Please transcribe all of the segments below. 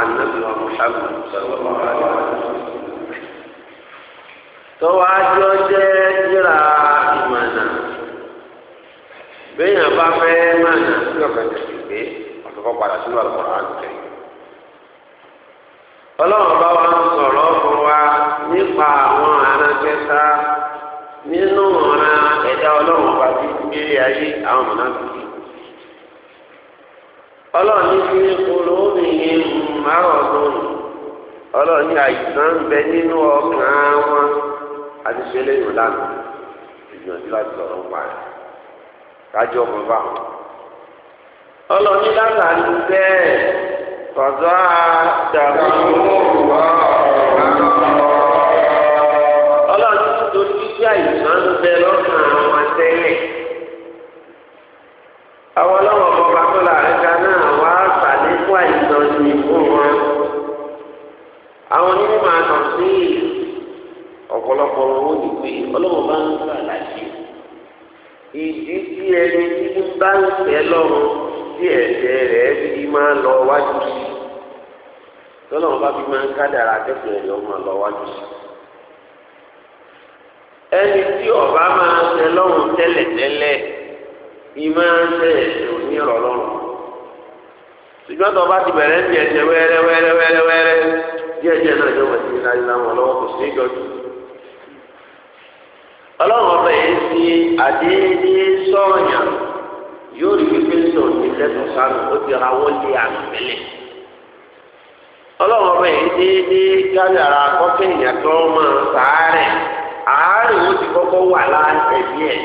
ànábì wa Muhammad sallallahu alaihi wasallam. tọ́wọ́ ajọ jẹ́ yíra ìmọ̀nà bẹ́ẹ̀ yẹn bá fẹ́ mọ̀nà sí ọ̀gá tẹ̀sí pé ọ̀dọ́kọ̀ padà sínú àlùkòrò àlùkẹ́ ọlọ́run bá wa ń sọ̀rọ̀ fún wa nípa àwọn arákẹ́ta nínú ọ̀ràn ẹ̀dá ọlọ́run bá ti gbélé ayé àwọn mọ̀nà tuntun ọlọ́run ní fi kúrò ní márùn-ún ọlọ́run ní àìsàn ń bẹ nínú ọkàn wọn àti ṣe lẹ́yìn lánàá ìgbìyànjú láti sọ̀rọ̀ ń parí kájọ ọmọ bá wọn. ọlọ́run ní lánàá ló bẹ́ẹ̀ tọ́jọ́ àdàrú òwúrọ̀ ọlọ́run tó àìsàn ń bẹ lọ́kàn wọn tẹ́lẹ̀ àwọn ọlọ́run tó lórí fún wọn. àwọn onímọ̀ máa nà sí ọ̀pọ̀lọpọ̀ owó nígbè ọlọ́run bá ń gbà ìdí tí ẹni tí ń bá ń fẹ́ lọ́run tí ẹ̀jẹ̀ rẹ̀ lọ wájú sí tọ́lọ́run bá fi máa ń kádàrà akẹ́kọ̀ọ́ ẹ̀yọ́ máa lọ wájú sí. ṣùgbọ́n tó o bá ti bẹ̀rẹ̀ ń jẹ̀jẹ̀ wẹ́rẹ́ wẹ́rẹ́ wẹ́rẹ́ wẹ́rẹ́ díẹ̀ díẹ̀ náà yóò wọ̀ sí iná iná wọn lọ́wọ́ kò sí ìjọ́jú. ọlọ́run ọbẹ̀ yìí fi àdéhìí sọ̀yàn yóò rí pípé sọ̀rọ̀ ní lẹ́nu sánú ó ti ra wọlé àmì mẹ́lẹ̀. ọlọ́run ọbẹ̀ yìí déédéé gáyàrá kọ́kẹ́ ìyàn tó máa sàárẹ̀ àárẹ̀ ó ti kọ́kọ́ wà láǹtẹ̀ bí ẹ̀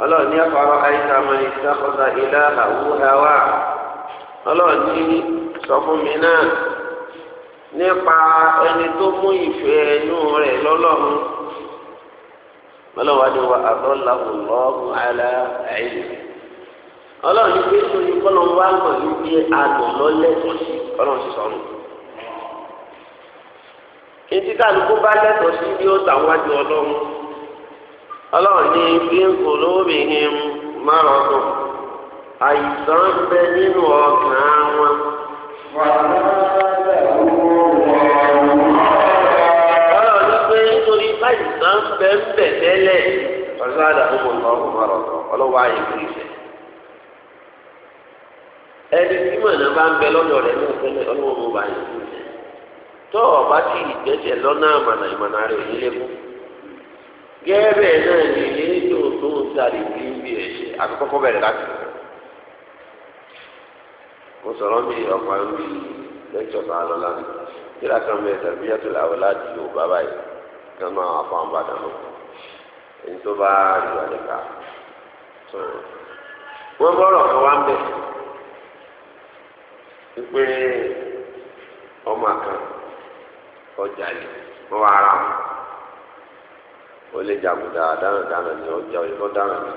ọlọ́run ní afárọ́ àyíká mọ́ni sáfọ́sá ilá àwù hàwà ọlọ́run ní sọ fún mi náà nípa ẹni tó mú ìfẹ́ ẹnu rẹ̀ lọ́lọ́run ọlọ́run adéwà àbọ̀láhùn lọ́ọ̀hún àlà ẹ̀yìn ọlọ́run ní pé sórí kọ́lọ́n wá mọ̀ wípé àgbọ̀n lọ́lẹ́tọ̀ọ́ sí ọlọ́run sì sọ̀rọ̀ etí bá lẹ́tọ̀ọ́ sí bí ó tàwájú ọlọ́run. Ọlọọdụ ní bí ń kò lóbìnrin márùn ún àìsàn bẹ nínú ọkàn wọn. ọlọ́run pé nítorí àìsàn bẹ ń tẹ́lẹ̀ ọ̀sán márùn ún ọlọ́wọ́ kiri ẹni tí mọ̀nà bá ń bẹ lọ́dọ̀ rẹ̀ ní ọlọ́wọ́ ọ̀bá lọ́nà àmàlà ìmọ̀nà rẹ̀ gẹ́gẹ́ náà ni eléyìí tó ń sáré bí ń bí ẹ̀ṣẹ̀ àkọ́kọ́ bẹ̀rẹ̀ láti rẹ̀. mo sọ̀rọ̀ mi ọ̀pá ń bí lẹ́kítọ̀ kan lọ lánàá kíra kan bẹ́ẹ̀ tàbí yàtọ̀ làwọn láti yóò bá báyìí kí wọ́n máa fọ àwọn bàdàn lọ. tó bá yọ àdìgá sọ̀rọ̀. wọ́n bọ́rọ̀ kan wá ń bẹ̀ wípé ọmọ kan ọjà yìí wọ́n wá ara wọn. ó lè jàgùdà dáradára ní ọjà òyìnbó dára ní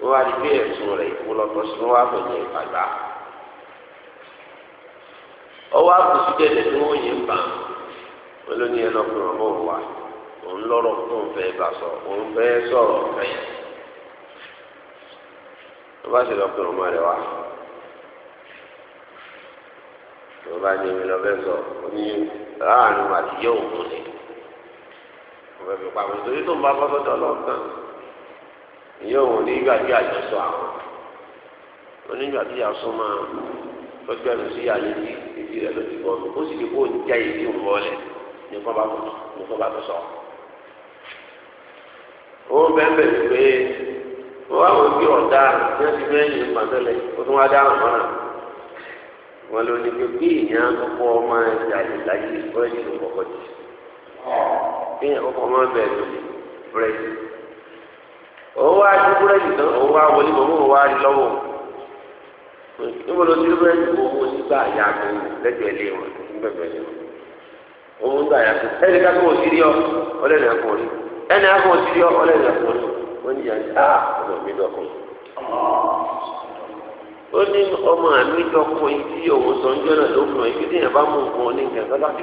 wọ́n wá rí bí ẹ̀sùn rẹ̀ ìpolọ́tọ̀ sí wọ́n wá fẹ̀yìn ìgbàgbà ọwọ́ àkùsù gẹ̀dẹ̀ tí wọ́n yẹn bá wọn ló ní ẹnu ọkùnrin ọmọ òun òun bá sọ òun bá ọmọ bá sọ ní òun wọn fi pamọ́ torí tó ń bá bọ́ sọ́dọ̀ ọlọ́ọ̀kan ìyá òun onígbàgbé àjọsọ àwọn onígbàgbé àjọsọ máa tọ́jú ẹnu sí àyè tí ibi rẹ̀ ló ti bọ́ mi ó sì lè kó o ní já èyí tí ò ń bọ́ lẹ̀ ní kọ́ bá tó sọ. ó bẹ́ẹ̀ bẹ́ẹ̀ pé wọ́n wá wọn bí ọ̀dà ní wọ́n ti bẹ́ẹ̀ yìí pàtẹ́lẹ̀ ó tún wá dáhùn mọ́ra wọn ló pé bí ìyá kọ́kọ́ máa ń jà kéèyàn kọ́kọ́ máa bẹ̀rẹ̀ búrẹ́dì òun wá sí búrẹ́dì tán òun wá wọlé bọ̀mọ́ òun wá rí lọ́wọ́ níbo ló búrẹ́dì wọn ká sí rí ọ ẹ̀kọ́ rí ká sí rí ọ ẹ̀kọ́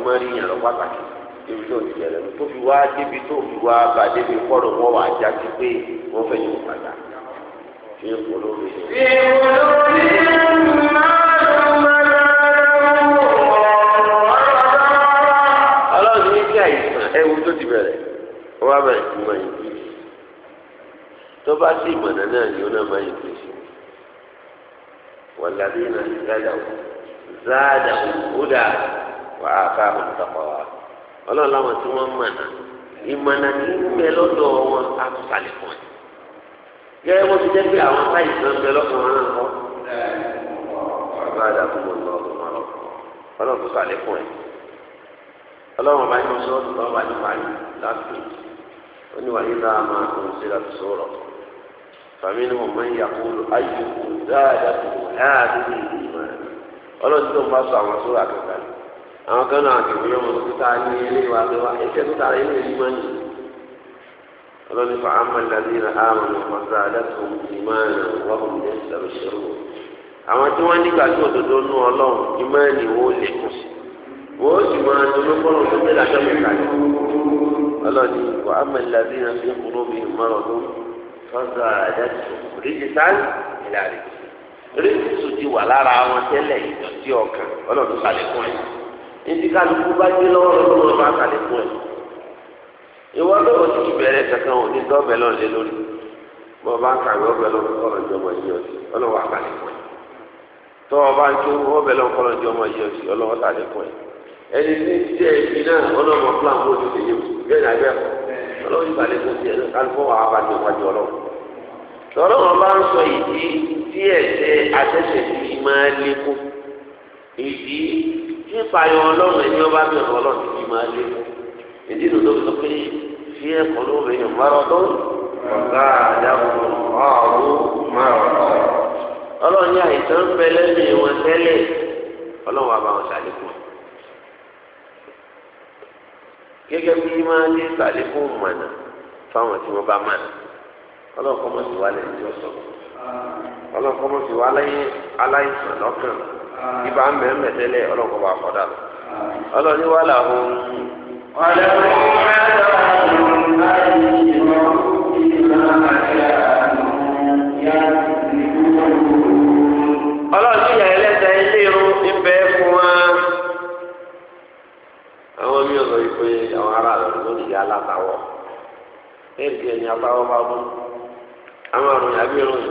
rí wọ́n ní mi ibi tó ti yẹlẹ tó fi wá débi tó fi wá bá débi kọ́rọ̀ wọn wà já sí pé wọ́n fẹ́ yóò padà ṣé olóore. ìwòlórí máa ń bára wọn. ọlọ́run ní kí àìsàn ẹ̀wù tó ti bẹ̀rẹ̀ wọ́n wá bẹ̀rẹ̀ sí máa yìí bíi tó bá sí ìmọ̀nà náà ni ó náà máa yìí bíi wọ́n lábẹ́ náà ní zádàwó zádàwó kódà wàá ká òǹtàkọ́ wa. ọlọ́run láwọn tí wọ́n mọ̀ mana ìmọ̀nà ní mẹ lọ́dọ̀ wọn àtúnṣàlẹ̀ pọ̀ ní. gẹ́gẹ́ bó ti jẹ́ pé àwọn táyì náà mẹ lọ́kùnrin náà kọ́. ọba àdàbò lọ ọlọ́run tó sàlẹ̀ pọ̀ ní. ọlọ́run ọba yóò sọ ọ́ ọba nípa yìí láti ó ní wàá yíra máa tó ń ṣe láti sọ̀rọ̀. wọn máa ń yàgò ayò dáadáa tó hàn án ìlú ìmọ̀ ọlọ́run tó ń bá sọ àwọn àwọn kan náà àti ìwúyọ́ wọn tó ta ní ilé wa tó wá ẹsẹ̀ tó tara ilé yìí máa ń yìí ọlọ́ni fa amọ̀lẹ́bí rẹ̀ àwọn ọmọọ̀sá adákùn ìmáàlì wọ́pọ̀ ní ìsọ̀rọ̀ ìṣòro àwọn tí wọ́n nígbà tí òdodo nú ọlọ́run ìmáàlì wo lè kù sí wọ́n sì máa dúró kọ́rọ̀ tó tẹ̀lé aṣọ mi kàlẹ́ ọlọ́ni fa amọ̀lẹ́bí rẹ̀ fi kúrò bí mọ́rọ̀dún fọ́sà adákùn rìjìtán ìlàrí rìjìtù ti wà lára wọn tẹ́lẹ̀ ìdọ̀tí ọkàn ọlọ́run sálẹ̀ fún ẹ̀ ebi kálukú bá gbé lọ́wọ́ lọ́wọ́ lọ́wọ́ bá kálẹ̀ fún ẹ̀. ìwọ lọ́wọ́ ti bẹ̀rẹ̀ kankan òní dọ́bẹ̀ lọ lé lórí bọ́ bá ń kàwé ọbẹ̀ lọ́wọ́ kọ́lọ̀ jọ ọmọ yìí ọtí ọlọ́wọ́ àkàlẹ̀ fún ẹ̀. tọ́ ọ bá ń tó ọbẹ̀ lọ́wọ́ kọ́lọ̀ jọ ọmọ yìí ọtí ọlọ́wọ́ tàlẹ̀ fún ẹ̀. ẹni tí ń jẹ́ ibi náà ọlọ́mọ fúlàmù ó ti lè yẹ bẹ́ẹ̀ náà bẹ́ẹ̀ kọ́ ọlọ́wọ́ ìbàlẹ̀ fún tiẹ̀ náà kálífọ́ wà á bá ti wájú ọlọ́wọ́ tọ́lọ́wọ́ bá èdè nípayọ ọlọ́run ẹni ọba bí ọ̀rọ̀ ọlọ́run ti máa lé èdè tó tó sọ pé fi ẹ̀kọ́ ló rẹ̀ yàn márọ̀ tó ọ̀gá àdàbọ̀ ọ̀rọ̀ márọ̀ ọlọ́run ní àìsàn ń bẹ lẹ́nu wọn tẹ́lẹ̀ ọlọ́run wà bá wọn ṣàlékún gẹ́gẹ́ bí máa lé ṣàlékún mọ̀nà fáwọn tí wọ́n bá mọ̀nà ọlọ́run kọ́ mọ̀ sí wa lẹ́yìn tí ó sọ ọlọ́run kọ́ mọ̀ sí wa aláìsàn lọ́kàn. ibà ń bẹ̀ẹ́ tẹ́lẹ̀ ọlọ́kọ̀ bá kọ́dà lọ. ọlọ́ni wà láhùn. ọ̀dọ̀ ọlọ́ọ̀ni ìyá ẹlẹ́sẹ̀ ilé irun ń fún wa. àwọn mi ò sọ àwọn ará ló ti di alátawọ̀. ẹ̀ẹ́dì ẹ̀yìn bá bọ́. àwọn àrùn irun yìí.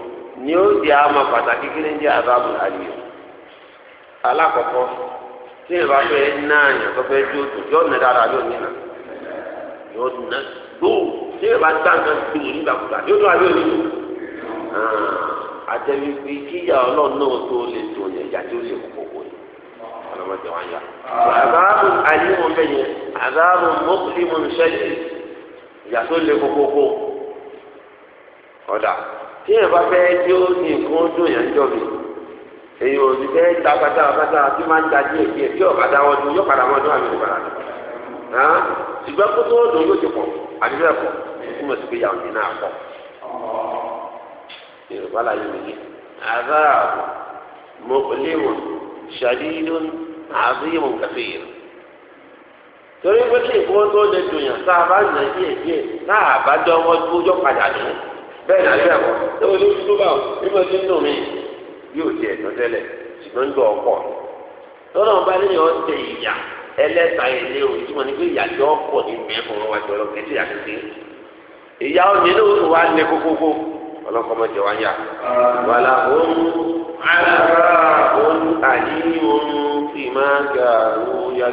ni ó di àmọ́ pàtàkì kí ni jẹ́ àbámu àlìyé alákọ̀ọ́kọ́ tí ìbá fẹ́ náà yàn tó fẹ́ dúró tó yọ ọ̀nà dára yóò nínà yóò nínà gbó tí ìbá gbá nǹkan tó wù nígbàkúgbà yóò tó àbí òní ah, àtẹ̀wé fi kíyà ọlọ́run náà tó lè tó yẹn ìyá tí ó lè kókó kó yẹn ọlọ́mọdé wọn yá. àbámu àlìyé wọn fẹ́ yẹn àbámu mọ́kùlì ìyá tó lè kókó kó ọ̀dà tí èèyàn bá fẹ́ tí ó ní nǹkan dùn yẹn jọ mi èèyàn ò ní fẹ́ ta pátápátá tí máa ń da díẹ̀ díẹ̀ tí ọ̀gá dáwọ́ dùn yóò padà mọ́tò àmì ìpadà hàn ṣùgbọ́n kó tó dùn yóò ti pọ̀ àbí bẹ́ẹ̀ pọ̀ kí mo sì fi yàwó nínú àpọ̀ yorùbá la yóò yé àdáàbò mọ̀lẹ́wọ̀n ṣàdídún àbíyẹ̀wọ̀n kàfíyẹ̀ torí pé kí nǹkan tó lè dùn yàn tá a bá nà díẹ̀ díẹ̀ tá a bá dọ́wọ́ dúró yóò padà dùn yàn bẹ́ẹ̀ náà bẹ́ẹ̀ kọ́ ṣé o lórí tó bá o nígbà tí ń nù mí yóò di ẹ̀tọ́ tẹ́lẹ̀ ṣùgbọ́n ń lọ ọkọ̀ lọ́nà ọba níyàn ń tẹ ìyà ẹlẹ́ta ilé o ìtumọ̀ ní pé ìyàjọ́ ọkọ̀ ní mẹ́fọ̀ wọn wájú ọlọ́ kẹ́tì àkẹ́kẹ́ ìyá ọ̀nyẹ́ náà ó tún lé kókókó ọlọ́kọ̀ mọ̀ jẹ́ wáyà wàlà òun àlàrà òun àyí òun tì máa yá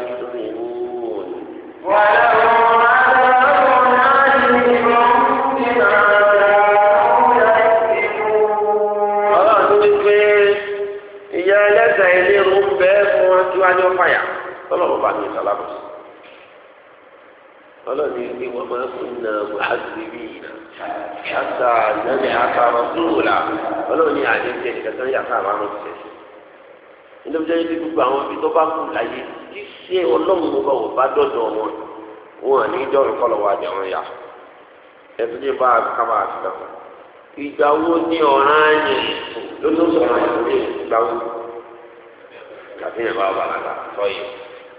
tí wàá ní ọ̀pá yà tọ́lọ̀ wọn bá mi sàlámù sí. ọlọ́ni ní wọ́n máa ń na muhasibi iná ṣáṣá lẹ́nu àtàrà tóòlà ọlọ́ni àdéhùn ìkẹtọ́ yàtọ̀ àbámọ̀ tẹ̀. inú jẹ́ ibi gbogbo àwọn ibi tó bá kù láyé kí ṣe ọlọ́run ló bá wò bá dọ̀dọ̀ wọn wọn ní dọ́rùn kọ́lọ̀ wá jẹ wọn yá ẹtún ní bá a kábà àti dàgbà ìgbà wo ni ọ̀ràn yẹn ló tó sọ̀rọ̀ ìgbà wo. kàfé ìlú àwọn àlàkà sọ yìí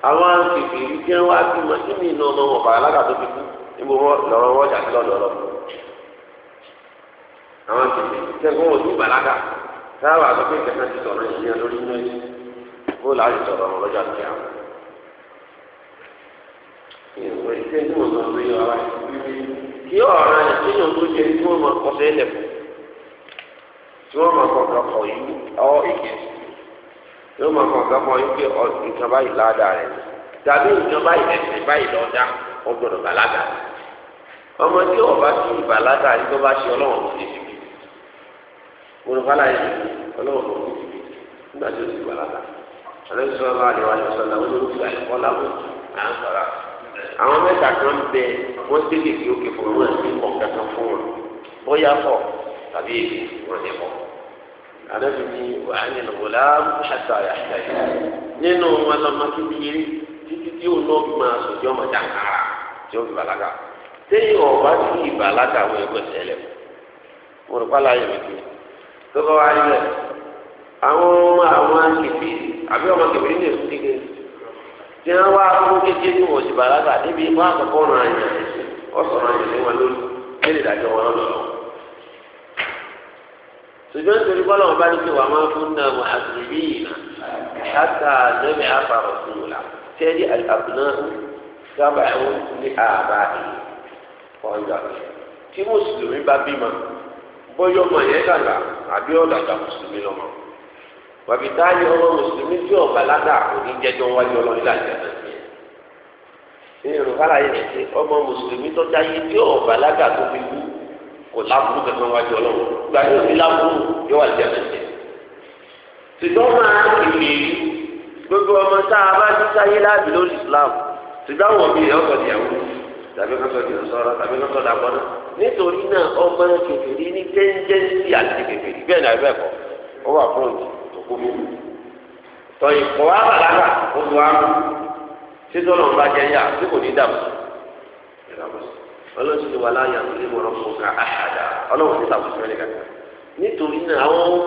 àwọn kìkì yìí jẹ́ wá bí wọn kí ni iná ọmọ wọn bàrà alága tó fi kú níbo lọ́rọ́ wọ́jà sí lọ́dọ̀ àwọn jẹ́ kó ti sọ̀rọ̀ lórí inú kó sọ̀rọ̀ lọ́jà ìwé yóò máa kàn kàn mọ wípé nǹkan báyìí ládàá rẹ tàbí nǹkan báyìí ẹsẹ̀ báyìí lọ́dá ó gbọ́dọ̀ bàlágà ọmọ tí wọn bá tún ìbàlágà yìí tó bá ṣe ọlọ́wọ́n kò ní síbi olùkọ́lá yìí ọlọ́wọ́n kò ní síbi nígbà tí ó ti bàlágà ọlọ́wọ́n sọ bá àdéhùn àti sọlá ó lórí ìgbà ẹ̀kọ́ làwọn à sọ̀rọ̀ àwọn mẹ́ta kan bẹ wọ́n tẹ́lẹ̀ kí ó anabi ni wa á ní lọ́wọ́lá ṣàtà àyàtà ya nínú wọn lọ́mọ kékeré títí tí òun náà máa sọ̀jọ́ so jàǹkàrà tí ó fi bàlágà téyìn ọba tí kì í bàlágà wọ ẹgbẹ́ sẹ́lẹ̀ mo àwọn ọmọ àwọn àbí ọmọ ní tí wá fún ti bàlágà débi wọ́n àkọ́kọ́ ràn án yẹn ọ̀sán ṣùgbọ́n nítorí bọ́lá wọn bá ní pé wà máa fún náà wọn àtìlẹ́yìn yìí náà ṣáàtà lẹ́mí àfàrọ̀ sí wọn là tẹ́lẹ̀ àbùnà sábà ẹ̀wọ̀n ní àbá yìí ọ̀yà tí mùsùlùmí bá bímọ bọ́yọ̀ ọmọ yẹn dàgbà àbí ọ̀dàgbà mùsùlùmí lọ́mọ wàbí táyé ọmọ mùsùlùmí tí ọ̀bà ládà òní jẹjọ wáyé ọlọ́rin láti ẹ̀ ní yorùbá láyé ẹ̀ ọmọ mùsùlùmí tó jáyé tí ọ̀bà ládà tó fi wú kò láburú kankan wájú ọlọ́run gba yóò ní láburú yóò wà jẹ́ mẹ́tẹ́. ṣùgbọ́n máa kìlì gbogbo ọmọ tá a bá ti sáyé láàbì lórí Islam ṣùgbọ́n àwọn mi ọ̀sọ̀ di àwọn tàbí kọ́sọ̀ di ọ̀sọ̀rọ̀ tàbí kọ́sọ̀ dàgbọ́ náà. nítorí náà ọmọ kékeré ní tẹ́ńjẹ́ńsì àti kékeré bẹ́ẹ̀ náà bẹ́ẹ̀ kọ́ ó wà fúrọ̀ǹtì tó kú mi. tọ́yìn kò wá bàlágà ó tó wá mú títọ́ náà bá jẹ́ yá tí kò ní dàbọ̀ ọlọ́run ti wà láyà tó lé fún ká àhàdà ọlọ́run ti tàbí fún ẹnìkan nítorí náà àwọn ọmọ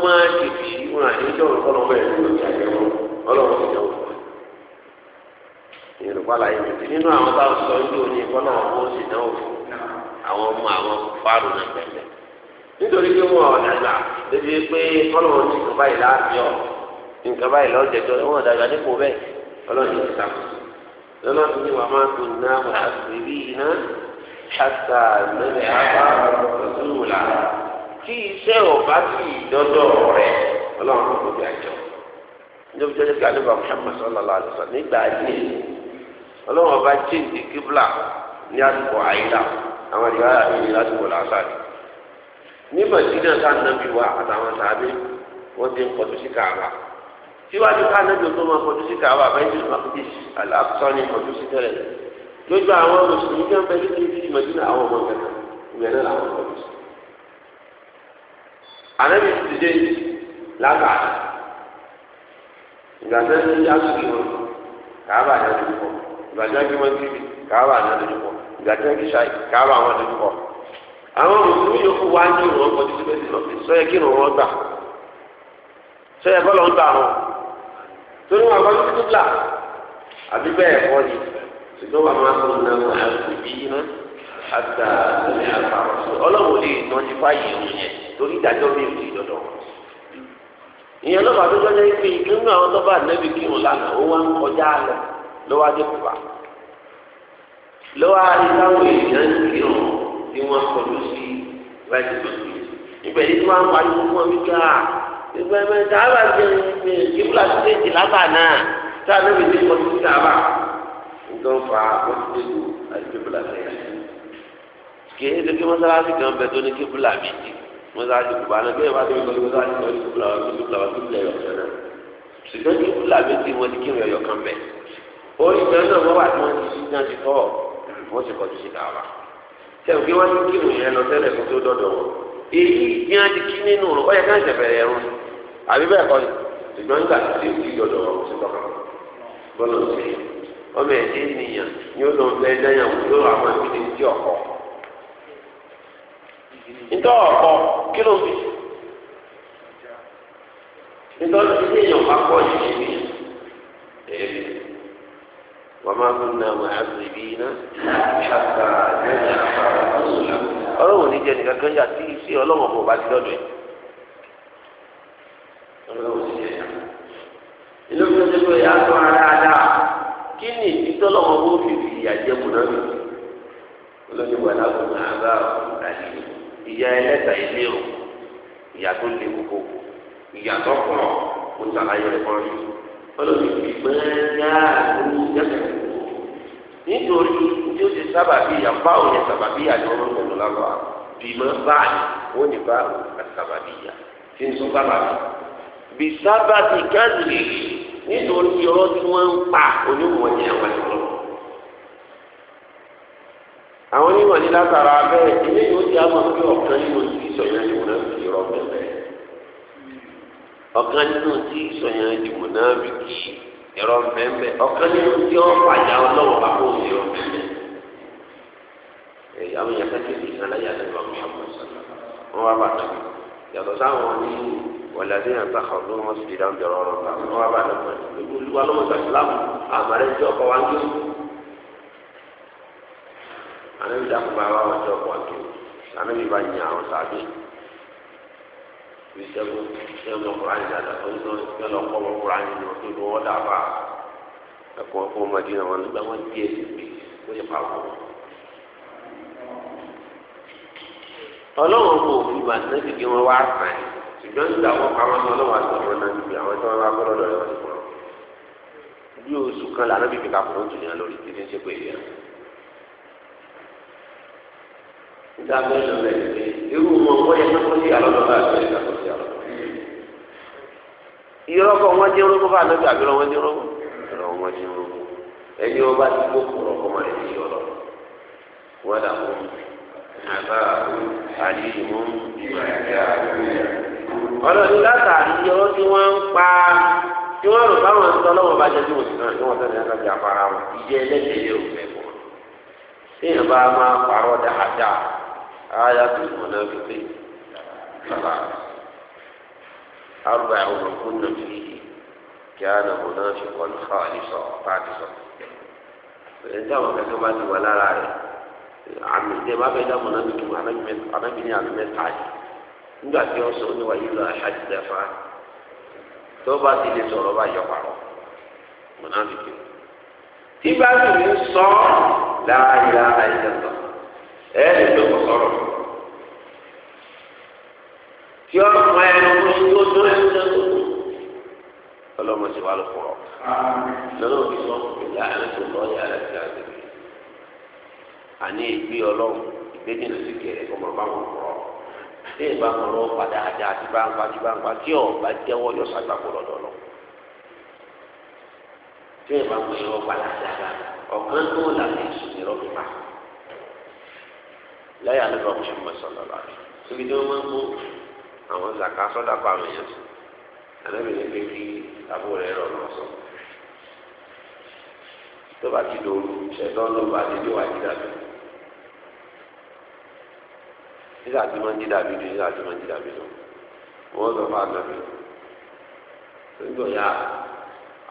wọn àjẹjọ ọlọ́run bẹ̀rẹ̀ nínú ìyá ìyẹ̀wò ọlọ́run ti yẹ̀wò ìyẹn ló pàlàyé mi nínú àwọn bá sọ ní òní ìkọ́nà ọmọ òsì fún àwọn ọmọ àwọn fáàrù náà nítorí pé wọn dàgbà débi pé ọlọ́run ti báyìí hasa lórí àbá ọ̀dọ́dúnwùlà tí iṣẹ́ ọ̀bá sì dọ́dọ̀ rẹ̀ ọlọ́run ló gbogbo àjọ níbi tó ṣe kí alẹ́ bá Muhammad sallallahu alaihi wasallam nígbà ayé ọlọ́run ọba jíǹde kíbla ní àsìkò àyílà àwọn ìwà àyè lásìkò làásàdì ní mọ̀sídà tá a nàbí wa àtàwọn sàbí wọ́n ti ń kọjú sí kàwá síwájú ká nàbí o tó máa kọjú sí kàwá bẹ́ẹ̀ ní ìlú àkùdíṣ lójú àwọn mùsùlùmí kan bẹ níbi ìdí ìmọ̀dúnà àwọn ọmọ kẹta ìgbẹ́ náà làwọn ọmọ mùsùlùmí. ànábì ti dé lágbàdo ìgbà náà ní yásùlì wọn kàábà náà lójú pọ̀ ìgbà kí wọ́n kíbi kàábà náà lójú pọ̀ ìgbà kí ṣáì kàábà wọn lójú pọ̀. àwọn mùsùlùmí yòókù wá ní ìrùn ọkọ̀ títí bẹ́ẹ̀ sì kí ìrùn wọn gbà ṣùgbọ́n wà máa kó nà wà síbi iná àtà ní àkàrọ̀ sí ọlọ́run lè nọ́jú fáyé òun yẹn torí ìdájọ́ mi ò lè dọ̀dọ̀ ìyẹn lọ́ba tó gbọ́dọ̀ pé nínú àwọn lọ́ba nẹ́bí kí wọn lánàá ó wá ń kọjá lọ lọ́wọ́ adé kùbà lọ́wọ́ adé táwọn èèyàn ń kí wọn tí wọ́n kọjú sí láti lọ ibẹ̀ ní wọ́n á pariwo fún wọn wípé à ah, ìgbà ẹ̀mẹ́ta àbájẹ́ ìgbìmọ̀ àti ìjìlá nǹkan fa mọ́tòdù àdìgbòbìlà lẹ́yìn. kìí ṣe kí mọ́sálásí kan bẹ tó ní kíbùlà méjì mọ́sálásí kùbá náà bẹ́ẹ̀ wá tóbi mọ́sálásí kan ní kíbùlà wá kíbùlà wá kíbùlà ẹ̀yọ̀ kan náà. ṣùgbọ́n kíbùlà méjì wọn ti kírun ẹ̀yọ̀ kan bẹ̀. orí kan náà wọ́n wà tí wọ́n ti ṣí náà ti tọ́ wọ́n ti kọjú sí kàwá. sẹ́wọ̀n kí wọ́n ti kírun yẹn lọ tẹ́lẹ̀ kó tó dọ́dọ̀ wọn. èyí tí wọ́n ti kí nínú ọ̀yẹ̀ kan ṣẹ̀fẹ̀rẹ̀ ẹ̀rọ àbí bẹ́ẹ̀ kọ́ ṣùgbọ́n nígbà tí ó ti dọ́dọ̀ wọn kò sí tọ́ka bọ́lọ̀ sí i. ọmọ ẹ̀dẹ́ ènìyàn ni ó lọ ń bẹ́ẹ̀ dáyà wò lórí àwọn ìpínlẹ̀ tí ọ̀kọ́. Ntọ́ ọ̀kọ́ kí ló fi? Ntọ́ ti èèyàn bá kọ́ yìí ṣe nìyẹn. Ẹ̀ẹ́dì. Wọ́n máa fún náà wọ́n á sọ ibi iná. Ṣàkà lẹ́yìn Ọlọ́run ní jẹ́ nìkan kan yà tí ọlọ́run ọ̀pọ̀ bá ti lọ́dọ̀ ẹ̀. Ọlọ́run ti jẹ́ Ilé ìtọ́lọ̀ wọn bó fi fi ìyà jẹ múnábì olóyìnbó aláwọ̀ àbá àlè ìyá ẹlẹ́ta ilé o ìyá tó lé koko ìyá tó pọ̀ kó sàlàyé rẹ̀ kọ́ rí olóyìnbó ìgbẹ́yà olùjẹ́kẹ̀ nítorí tí ó ti sábàbí ìyá báwo ni sábàbí ìyá ni wọ́n mọ̀ lọ́wọ́ bímọ báyìí wọ́n ní báwo àti sábàbí ìyá tí ń sọ sábàbí bí sábàbí gáàsì lè nítorí ọ̀rọ̀ tí wọ́n ń pa onímọ̀ ní àwọn ẹ̀rọ. àwọn onímọ̀ ní látara bẹ́ẹ̀ ilé yóò di àwọn pé ọ̀kan nínú ti sọ̀yàn jùmọ̀nà fi rọ bẹ̀rẹ̀. ọ̀kan nínú ti sọ̀yàn jùmọ̀nà fi kí ẹ̀rọ bẹ̀rẹ̀ ọ̀kan nínú tí ó pàjá ọlọ́wọ́ bá kó òun ẹ̀rọ bẹ̀rẹ̀. ẹ̀yà àwọn yàtọ̀ kẹ́kẹ́ yàtọ̀ sáwọn ní wàlàdé yàn bá kọ̀ ló wọn sì dáhùn jọrọ ọ̀rọ̀ kan wọn bá lọ pẹ̀lú ìlú olúwa ló mọ sọ ìsìlámù àmàlẹ ìjọ ọkọ wa ń kí àná ìjà kó bá wà wọn jọ ọkọ wa ń kí àná ìbá yin àwọn sàbí bí sẹ́gun sẹ́gun ọkùnrin àyìn dàda tó ń sọ ìpínlẹ̀ ọkọ̀ ọkùnrin àyìn lọ sí ìlú wọn dàbà ẹ̀kọ́ ọkọ̀ ọmọdé náà wọn nígbà wọn díẹ̀ sí pé ó yẹ pàwọ́ ọlọ́run kò fi màtí ti kí wọ́n wá sàn ṣùgbọ́n ìgbà wọn pamọ́ sí ọlọ́run àti ọmọ náà níbi àwọn tí wọ́n bá gbọ́dọ̀ lọ́dọ̀ wọn fún wọn. bí oṣù kan lànà bíbí ká fún oúnjẹ yẹn lórí títí ṣe pé yẹn. níta bẹ́ẹ̀ lọ bẹ́ẹ̀ pé irú wọn wọ́n yẹ kó sí àlọ́dọ̀ bá àgbẹ̀ ìgbà tó sí àlọ́dọ̀. ìrọ́kọ̀ wọn jẹ́ orógbó bá àlọ́dọ̀ àbí wọn jẹ́ orógbó wọn jẹ́ orógbó ẹni wọn bá ti gbó kúrọ̀ kọ́ àbáwò àdìmú ìgbàgbà ọlọ́run látàrí ọ̀rọ̀ tí wọ́n ń pa tí wọ́n rò báwọn ń tọ́lọ́wọ́ bá jẹ́ tí wọ́n ti náà tí wọ́n tẹ̀lé ẹ̀ka jà para wọn ìjẹ́ ẹlẹ́jẹ̀ yẹ ò fẹ́ fún wọn. téèyàn bá máa parọ́ dáadáa ayá tó ìmọ̀ náà fi pé bàbá arúgbó àwọn ọmọkùnrin náà kí á nà náà fi kọ́ ní káwọn ní sọ pàtì sọ. èyí táwọn kẹ́kẹ́ bá ti wà lára rẹ̀. àmì tẹ bá bẹ dáhùn anábìkí anábìkí àmì mẹ́ta yìí nígbà tí ó sọ ní wàyí lọ àṣàjì dẹfà tó bá ti lè sọ̀rọ̀ bá yọ pàrọ̀ tí bá sì ń sọ láàyè àìsàn ẹ lè lọ tí ọ àní ìgbé ọlọ́run ìgbéjì ló sì kéré kó mọ̀ bá wọn kọ̀ ṣé ìbá wọn lọ padà àjà àti báńpá àti báńpá tí ọ̀ bá jẹ́wọ́ yọ sàgbàgbọ́ lọ́dọ̀ lọ. ṣé ìbá wọn lọ padà àjà ọ̀kan tó làlẹ́ ìṣòro pípa lẹ́yìn alẹ́ bá mọ̀ṣẹ́ mọ̀ṣẹ́ lọ́la síbi tí wọ́n máa ń kó àwọn zaka sọ́dà pa àwọn èèyàn sùn àlẹ́bìnrin pé kí àbúrò rẹ̀ rọ̀ lọ́sọ̀ọ́ tó bá ti dòwò ṣẹ̀dọ́ ló bá ti dòwò àjídàdùn nígbà tí wọ́n ń dídà bí dùn nígbà tí wọ́n ń dídà bí dùn wọ́n sọ fún àgbàbí nígbà yà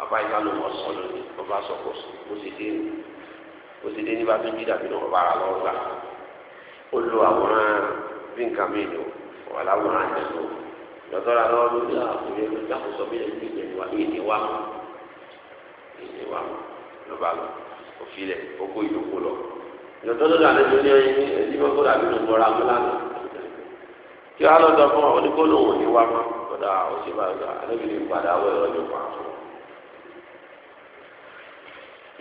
àbá ìyá ló mọ̀ sọ lónìí wọ́n bá sọ kó o sì dé o sì dé nígbà tó ń dídà bí dùn wọ́n bá ara lọ́wọ́ gbà ó lo àwòrán bí nǹkan mi lò wọ́n láwòrán àjẹ́ lò lọ́tọ́ra lọ́wọ́ ló ní àkùnrin ló dàkú sọ bí ẹni ìgbẹ́ ni wà ní ìní wà ìní wà lọ́ba lọ òfin lẹ̀ ó kó ìdókò lọ yọtọ lọ́dọ̀ àlejò ní ẹyin ní ẹdí mọkò dàbí ló bọra amúlànà kí wọn lọ́dọ̀ fún ọ oníkó lòun ò ní wá mọ kódà ó sì máa gbà alẹ́bí ní padà wọ ẹ̀rọ yóò máa fún un.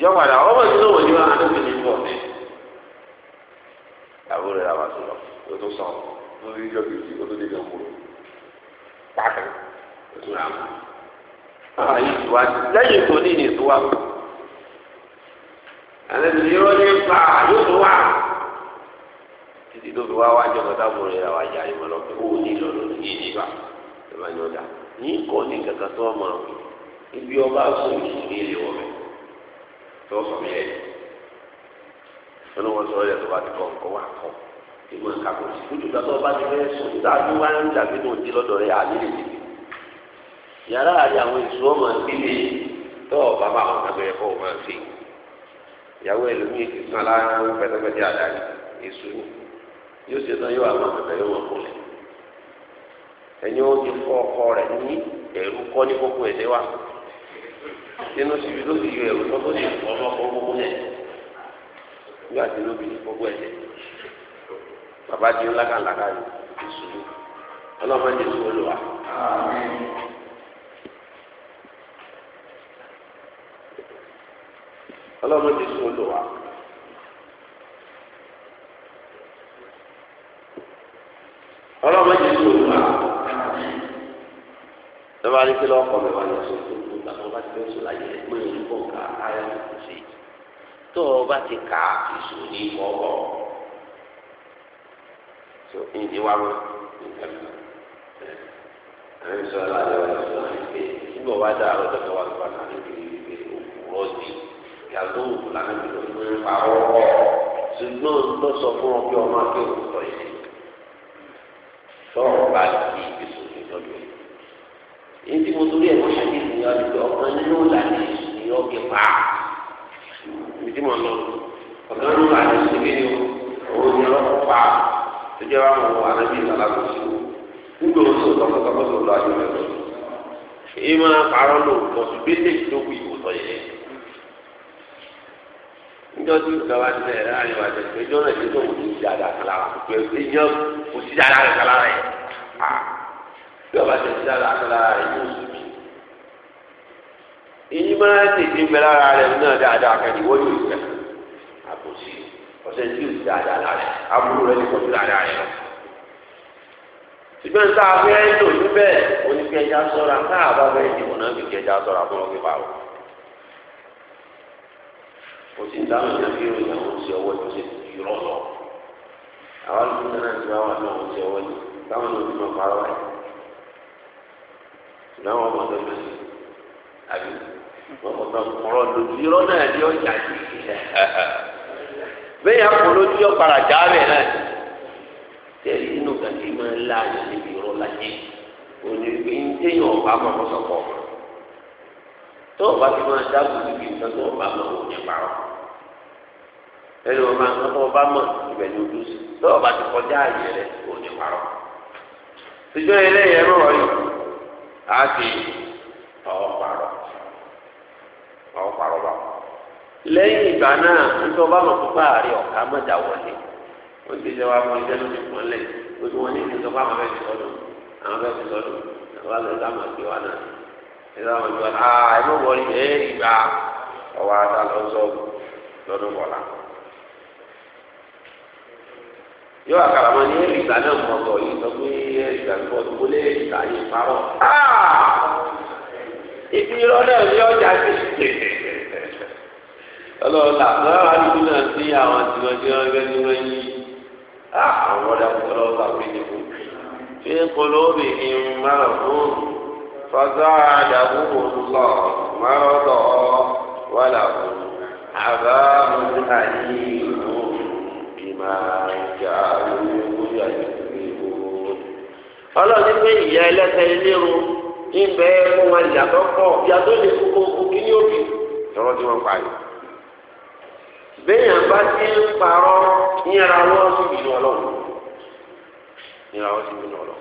yọ padà ọmọ ìlú lòun ò ní wá alẹ́bí ní bọ̀ ní. ìyàwó rẹ̀ làwọn àti lọ ló tó sọ ló ní ìjọ kejì ó tó dé ìjọ pàtàkì ó tún rà mọ́. lẹ́yìn tó ní ìnìtúwà kù àlejò yóò ní pa yóò tó wà títí tó fi wá wájú ọ̀gá múre ra wájú àyùmọ̀ lọ pé ó ní lọ́dún yìí nígbà tó bá ní ọ̀dà ní kọ́ ní kankan tó ọmọ ibi ọba sùn yìí ní ilé wọn bẹ̀ tó sọ mí ẹ̀ wọn ni wọn sọ ẹ̀ tó bá ti kọ́ nǹkan wà kọ́ ìmọ̀ ìkàkọ́ sí ojú tó bá ti fẹ́ sùn nígbà tó wá ń dàbí tó ń di lọ́dọ̀ rẹ̀ àlè lè dìbò yàrá àti àwọn ìṣúwọ́mọ̀ ìpínlẹ̀ tó ọ̀bá bá wọn kàgbẹ́ ẹ̀kọ́ wọn ìyàwó ẹlòmíì ti sàn láàrin pẹtẹpẹtẹ àdáyé èso ni yóò ṣe tán yóò àwọn àgbẹ̀bẹ̀ yóò wọ̀ kúnlẹ̀ ẹni ó ti fọ ọkọ rẹ̀ ní ẹ̀rú kọ́ ní gbogbo ẹ̀dẹ́ wa sínú síbi ló fi yọ ẹ̀rú tó tó lè fọ ọkọ gbogbo ẹ̀ yóò àti lóbi ní gbogbo ẹ̀dẹ́ bàbá di ńlákàlàkà yìí èso ni ọlọ́mọdé sọ́ọ́ lò wá. ọlọ́run ti sùn lò wá. ọlọ́run ti sùn lò wá. lọ́wọ́ alẹ́ kí lọ́wọ́ kọ́ mi wá lọ sí ìlú nígbà tó bá ti fẹ́ sùn láyé ẹgbẹ́ yìí kò ká ayé kò sí. tó o bá ti kà á ti sùn ní ìkọ̀ọ̀kọ̀. so ìdí wa mọ́ nǹkan mi. àwọn ìṣòro aláàlẹ́ wa ló sọ wá ní pé nígbà wá dáa ọjọ́ kan wá lọ́wọ́ àná níbi ìwé òkú rọ́ọ̀sì yàtọ̀ òkú lànà ìlú ní ipa ọkọ ṣùgbọ́n tó sọ fún ọ ọmọ akẹ́ òkútọ yìí tọ́ọ̀ bá di ìgbésùn ní lọ́dọ̀ yìí. èyí tí mo torí ẹ̀kọ́ ṣe ní ìyá mi pé ọkàn nínú ìlànà ìsìn ni ó kẹ́ pa ibi tí mo lọ ọ̀gá ló wà ní ìsinmi ni owó ni ọlọ́pàá pa tó jẹ́ wàá mọ̀ wà níbi ìlànà ìsìn nígbà níjọ́ tí ìjọba ti bẹ̀rẹ̀ láàrin wa jẹ pé jọ́nà tí tó wùdí dada kala wa pé ìjọ wùdí dada rẹ̀ kala rẹ̀ à ìjọba ti ti dada kala rẹ̀ yóò sùn mí. ìyí máa ń tètè bẹ lára rẹ̀ náà dáadáa kẹ́ni wọ́n yóò sẹ́ àbòsí ọ̀sẹ̀ tí yóò dáadáa lára rẹ̀ aburú rẹ̀ ní kò tó dáadáa rẹ̀ lọ. ṣùgbọ́n tá a fẹ́ lò níbẹ̀ kò sí dáhùn ní abiyó ìyàwó ti ọwọ́ ti ṣe irọ́ lọ àwọn olùkọ́ náà ti wá wà ní ọwọ́ ti ọwọ́ ni táwọn olùkọ́ máa parọ́ ẹ̀ ṣùgbọ́n àwọn ọmọdé ló sì àbí wọ́n kọ́ náà kọ́rọ́ lójú irọ́ náà ni ọjà sí bẹ́ẹ̀ yà kọ́ lójú ọ̀pára jà bẹ́ẹ̀ náà tẹ̀lé inú kàkí máa ń la níbi irọ́ láyé òní ìgbéyìí téèyàn ọ̀pá máa kọ́ sọ̀kọ́ ọ̀pá. tó o bá ti máa dáàbò níbi nǹkan tó o bá mọ̀ ò ọba parọ́ ẹni wọn máa ń tọ́ o bá mọ̀ ibẹ̀ ni o sí tó o bá ti kọjá àyè rẹ ṣùgbọ́n eléyìí ẹ̀rọ á ti ọ̀ ọ̀ bá lẹ́yìn ìgbà náà nítorí ọba mọ̀ àárẹ̀ ọ̀ká mọ̀jà wọlé ti iṣẹ́ ló ti ti ìlànà ìjọ àà ah, ẹ̀mọ́ wọlé ẹ̀ ìgbà ọwọ́ ata lọ sọ́ọ̀bù lọ́dún bọ̀lá. yọ àkàràmọ́ ní ẹ̀rì ìgbà náà mọ̀ sọ yìí sọ pé ẹ̀rì ìgbà tó bọ̀ tó lé ìgbà yìí parọ́. Ah! ibi irọ́ náà ní ọjà sí ọlọ́run là lọ́wọ́ àdúgbò náà sí àwọn tìmọ̀tìmọ̀ gẹ́gẹ́ bí wọ́n yí ah, àwọn ọ̀dà ọlọ́run bá pè é fún fi kọlọ́ọ̀bì فزادهم الله مرضا ولهم عذاب أليم بما كانوا يكذبون ọlọ́run ní pé ìyá ẹlẹ́sẹ̀ eléru ń bẹ fún wọn ìyá tó pọ̀ ìyá tó lè kú kókó kí ní òbí lọ́rọ́ tí wọ́n pa yìí. béèyàn bá ti ń parọ́ yíra wọn síbi ní ọlọ́run yíra wọn síbi ní ọlọ́run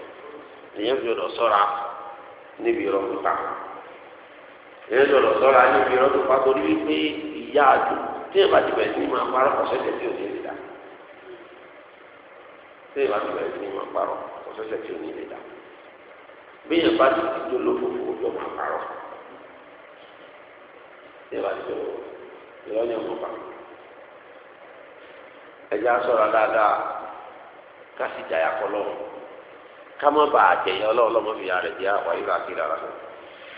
èèyàn fi ọ̀dọ̀ sọ́ra níbi irọ́ pípa èyí lọ́dọ̀ sọ́ra níbi irọ́ pípa torí wípé ìyá àjò tí èèyàn ti bẹ̀rẹ̀ sí máa parọ́ ọ̀sẹ̀sẹ̀ tí ò ní lè dá tí èèyàn ti bẹ̀rẹ̀ sí máa parọ́ ọ̀sẹ̀sẹ̀ tí ò ní lè dá bí èèyàn bá ti ti tó lófòfò ojú ọmọ àparọ́ tí èèyàn bá ti tó irọ́ ní ọmọ pa ẹ̀já sọ̀rọ̀ dáadáa ká sì jáyà kọ́ lọ́rùn kama ba àtẹ̀yìn ọlọ́run lọ́mọ mi yàrá ìdí àwọn ìlú àti ìlànà.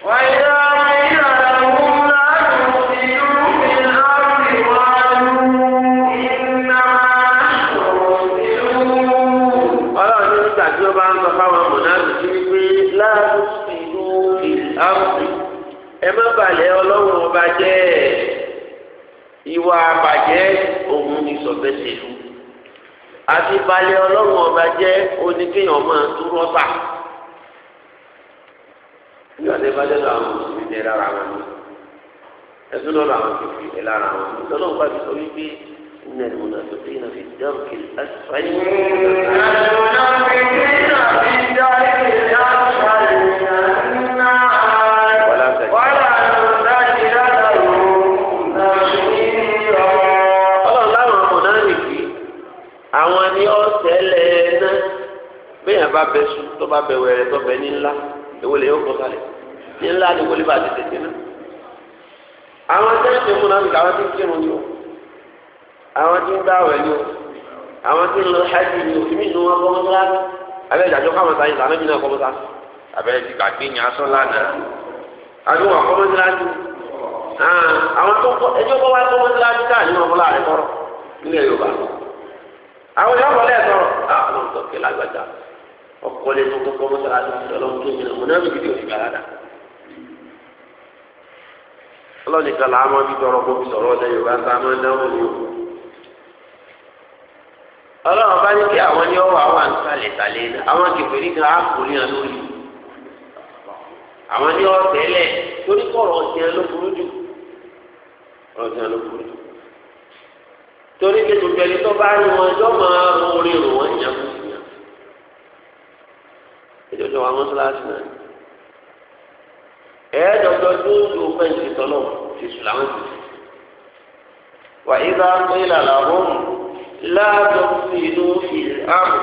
wáyé àwọn ìlànà wọn láti ìlú mi láti wájú iná ṣòro. ọlọ́run ní nígbà tí ó bá ń sọ fáwọn mọ̀nàmì sí wípé láàrú ìlú ìlànà ẹ má balẹ̀ ọlọ́run ọba jẹ́ ìwà àbàjẹ́ òun ní sọ̀gbẹ́sẹ̀lú àti balẹ̀ ọlọ́run ọba jẹ́ oníkéèyàn máa tú rọ́bà nígbà tí balẹ̀ lọ àwọn mùsùlùmí jẹ́ lára wọn ni ẹtún lọ́rọ̀ àwọn kìkì jẹ́ lára wọn ni ìtọ́lọ́run ti sọ wípé ìnà ìmọ̀nà tó dé iná fi dárò kìlì láti fàyè. ìnà ìmọ̀nà fi dárò kìlì láti fàyè. èèyàn bá bẹ sùn tó bá bẹ wẹrẹ tó bẹ ní ńlá èwo lè yóò kó kalẹ̀ ní ni wọlé bá tètè dé náà. àwọn tẹ́lifí múná mi làwọn ti ń kírun ni o àwọn ti ń dáwẹ̀ ni o àwọn ti ń lọ hajj ni o ìmí ìnú wọn kọ́ mọ́sá abẹ́ ìdájọ́ káwọn sáyé sànà mi náà kọ́ mọ́sá abẹ́ ìgbà gbé yàn aṣọ lánàá àbí wọn kọ́ mọ́sá lánàá ah, àwọn tó kọ́ ẹjọ́ kọ́ wá kọ́ mọ́sá lánàá ọ̀pọ̀lẹ̀ tó kọ́kọ́ mọ́sálásí ọlọ́run tó n'oge lọ́wọ́ náà níbi tí o ti gbà rárá. ọlọ́run nìkan là á tọrọ kó fi sọ̀rọ̀ ọ̀dẹ yorùbá tá a máa ń ni o. bá ní kí àwọn ní àwọn àwọn kan á ní àwọn ní torí ló burú jù ló burú jù torí jọ wà mọ́ṣáláṣí náà ẹ̀ẹ́dọ̀dọ̀ tó ń lo fẹ́ǹsì tọ́lọ̀ ti sùn láwọn ti sùn. wà ìgbà pínlẹ̀ làwọn láàbọ̀ sí inú ìlú àmọ̀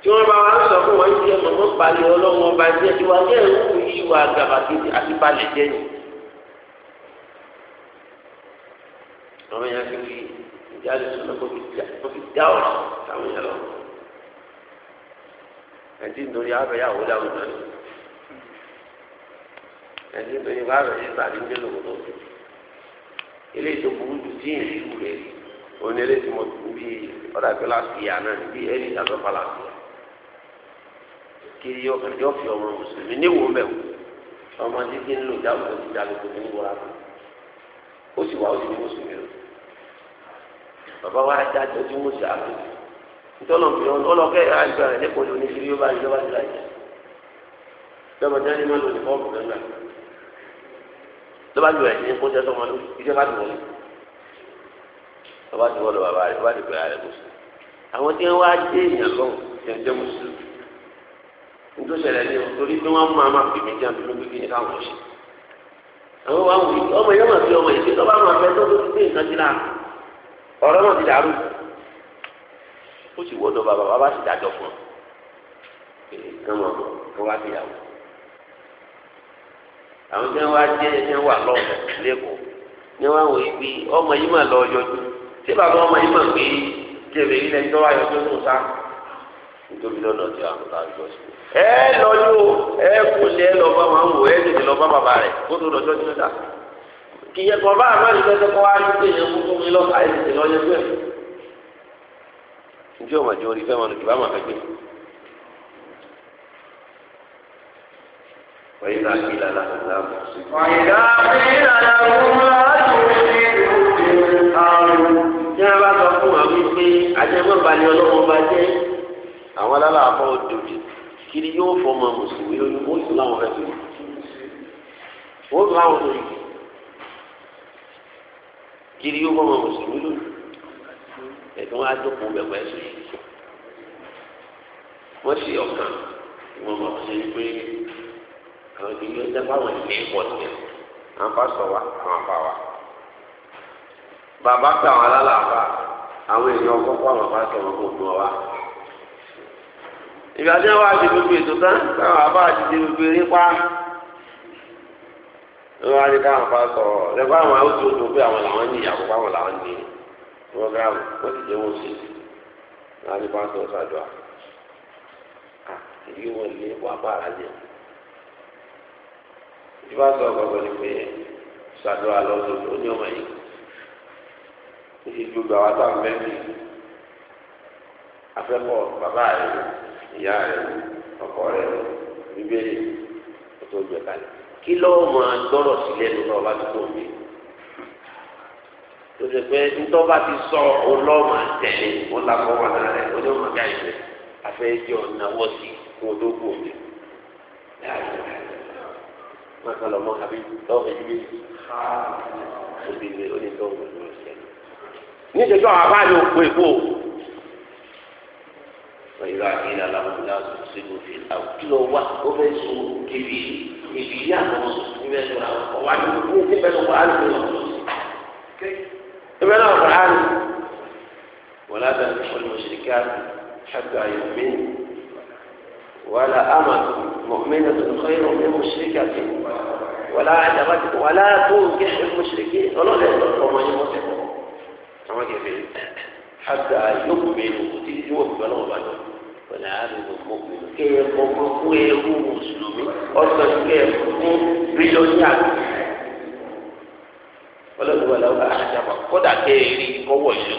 tí wọ́n bá wà ń sọ fún wọn jẹ́ mọ̀mọ́ balẹ̀ ọlọ́wọ́n bá jẹ́ ìwà jẹ́ ìwú ìwà gàbàgìdì àti balẹ̀ jẹ́ ni. àwọn èèyàn ti fi ìjà lè sọ fi dá ọ̀rọ̀ táwọn èèyàn lọ́wọ́ ẹtí nítorí abẹ́yàwó dáwùjọ ni ẹtí nítorí báàbẹ̀ yìí sàdí ńlẹ̀ lòkòtò ilé tó burú jù tí yìí rí wúlé onílé tí mo tún bí ọ̀dà pé láfíà náà bí ẹni ìdájọ́ bá láfíà kiri ọkàn yóò fi ọmọ mùsùlùmí níwò mẹ́wò ọmọ títí ń lò dáwùjọ ti dá lóko ní wúra ó sì wá ó sì ní mùsùlùmí lò bàbá wa dájọ́ tí mo ṣe àlùkò ìtọ́lọ̀fẹ́ ọlọ́kẹ́ àgbà rẹ̀ lẹ́kọ̀ọ́ lóní sí bí ó bá ìjọba ti láyé lọ́mọdé ní máa lò ní fọ́ọ̀mù gbẹ̀gbà lọ́ba ju ẹ̀yìn kó jẹ́ sọ́mọdé ìjọba ti wọlé lọ́ba ti wọlé bàbá rẹ̀ lọ́ba ti pè ààrẹ kò sí. àwọn tí wọ́n á dé èèyàn lọ́wọ́ ṣe ń jẹ́ mùsùlùmí nítorí ṣẹlẹ̀ ní torí bí wọ́n máa máa fi mí jẹ́ àbí lóbi kí ni káwọn ṣe. àwọn wa wù ọmọ yẹn máa fi ọmọ yẹn ṣe tọ́ ó sì wọ́dọ̀ bàbá bàbá sì dájọ́ fún un kí wọ́n mọ̀ kí wọ́n fi yàwó. àwọn tí wọ́n wá jẹ́ ẹ̀ tí wọ́n wà lọ́wọ́ lẹ́kọ̀ọ́ ni wọ́n wọ ibi ọmọ yìí mà lọ yọjú tí bàbá ọmọ yìí mà pé kébè yìí lẹ́ni tó wá yọjú ní sá nítorí lọ́nà tí àwọn ọ̀tá àjọ sí. ẹ lọ́jọ́ ẹ kò ṣe ẹ lọ́ọ́ bá wọn wò ẹ tètè lọ́ọ́ bá bàbá rẹ̀ kó tó lọ́jọ́ tí ó dà. kìyẹ̀kọ̀ bá kọ́ wá ní njẹ́ ọmọ ìjọ orí fẹ́ wọn ìgbà máa fẹ́ gbé. wọ́n yá kí lálá ọ̀gá mọ̀ sí. ọ̀yà kí lálá ọ̀gá àtúnṣe àrùn. tí wọ́n bá sọ fún wa wípé ajẹ́mọ́balẹ̀ ọlọ́run bá jẹ́ àwọn alálàáfọ́ òdòdì kiri yóò fọmọ mùsùlùmí lórí ó sì láwọn fẹ́ sùn. ó sì láwọn sọ̀rọ̀ kiri yóò fọmọ mùsùlùmí lórí ẹ̀tọ́ wọn adókòó bẹ̀ wẹ́ sùn yìí wọ́n sì ọ̀kan wọn mọ̀ sí pé àwọn ìdílé ọjà báwọn ìlú ẹ̀kọ́ ti yẹn àwọn bá sọ wa àwọn bá wa bàbá tàwọn alálàáfà àwọn èèyàn kọ́kọ́ àwọn bá sọ wọn kò dùn wa ìgbà tí wọn wá di gbogbo ètò tán táwọn àbá ti di gbogbo eré pa wọn wá ní káwọn bá sọ ọ lẹgbẹ àwọn àwọn tó dùn pé àwọn làwọn ní ìyàwó báwọn làwọn ní ìyàwó programu wọ́n ti jẹ́ wọ́n ṣe náà ní pásítọ̀ ṣàdúrà èyí wọ́n lé wà bàrà jẹ́ ìdí wàá sọ ọ̀gbọ̀gbọ̀ ni pé ṣàdúrà lọ́sọ̀ tó ní ọmọ yìí ó ti ju gbàwá tá à ń bẹ́ẹ̀ bí afẹ́kọ̀ bàbá rẹ̀ ìyá rẹ̀ ọkọ rẹ̀ bíbélì ó tó gbẹ̀kalẹ̀ kí lọ́ọ́ máa gbọ́rọ̀ sílẹ̀ nínú ọba tó tó ń bẹ̀ẹ́ tó ṣe pé ntọ́ba ti sọ ọlọ́mọ tẹ̀lé wọn lakọ wà lára rẹ̀ ó ní wọn bí àyè afẹ́ jẹ́ ọ̀nà wọ́ sí kó o tó gbòó mi. má kà lọ́mọ àbí lọ́wọ́ ẹ̀jú méjì ó ti lè ó ní lọ́wọ́ ló ń ṣe. ní ìṣẹ́jọ́ àwọn abáyé pé kó o. wọ́n yóò àgbélé aláwọ̀ láti ṣègùn fi àwùjọ wa ó fẹ́ sùn kébì ìbí yá àwọn ọmọ ìbẹ̀rẹ̀ àwọn ọ̀wá ní ìbẹ̀rẹ̀ wọn á lè lọ́wọ́ ابن أفرحان ولا تنفح المشركات حتى يؤمن ولا أمر مؤمنة خير من مشركة ولا عدرك ولا تنكح المشركين ولا لأنه ومن يمتحه كما كيف حتى يؤمن وتجوه بلغبنا ولا عدد المؤمن كيف مؤمن كيف مسلم أصلا كيف مؤمن بلغبنا ọlọ́dún wàlá wà ájàmọ̀ kódà kéèrí kọ́wọ́ ìlú.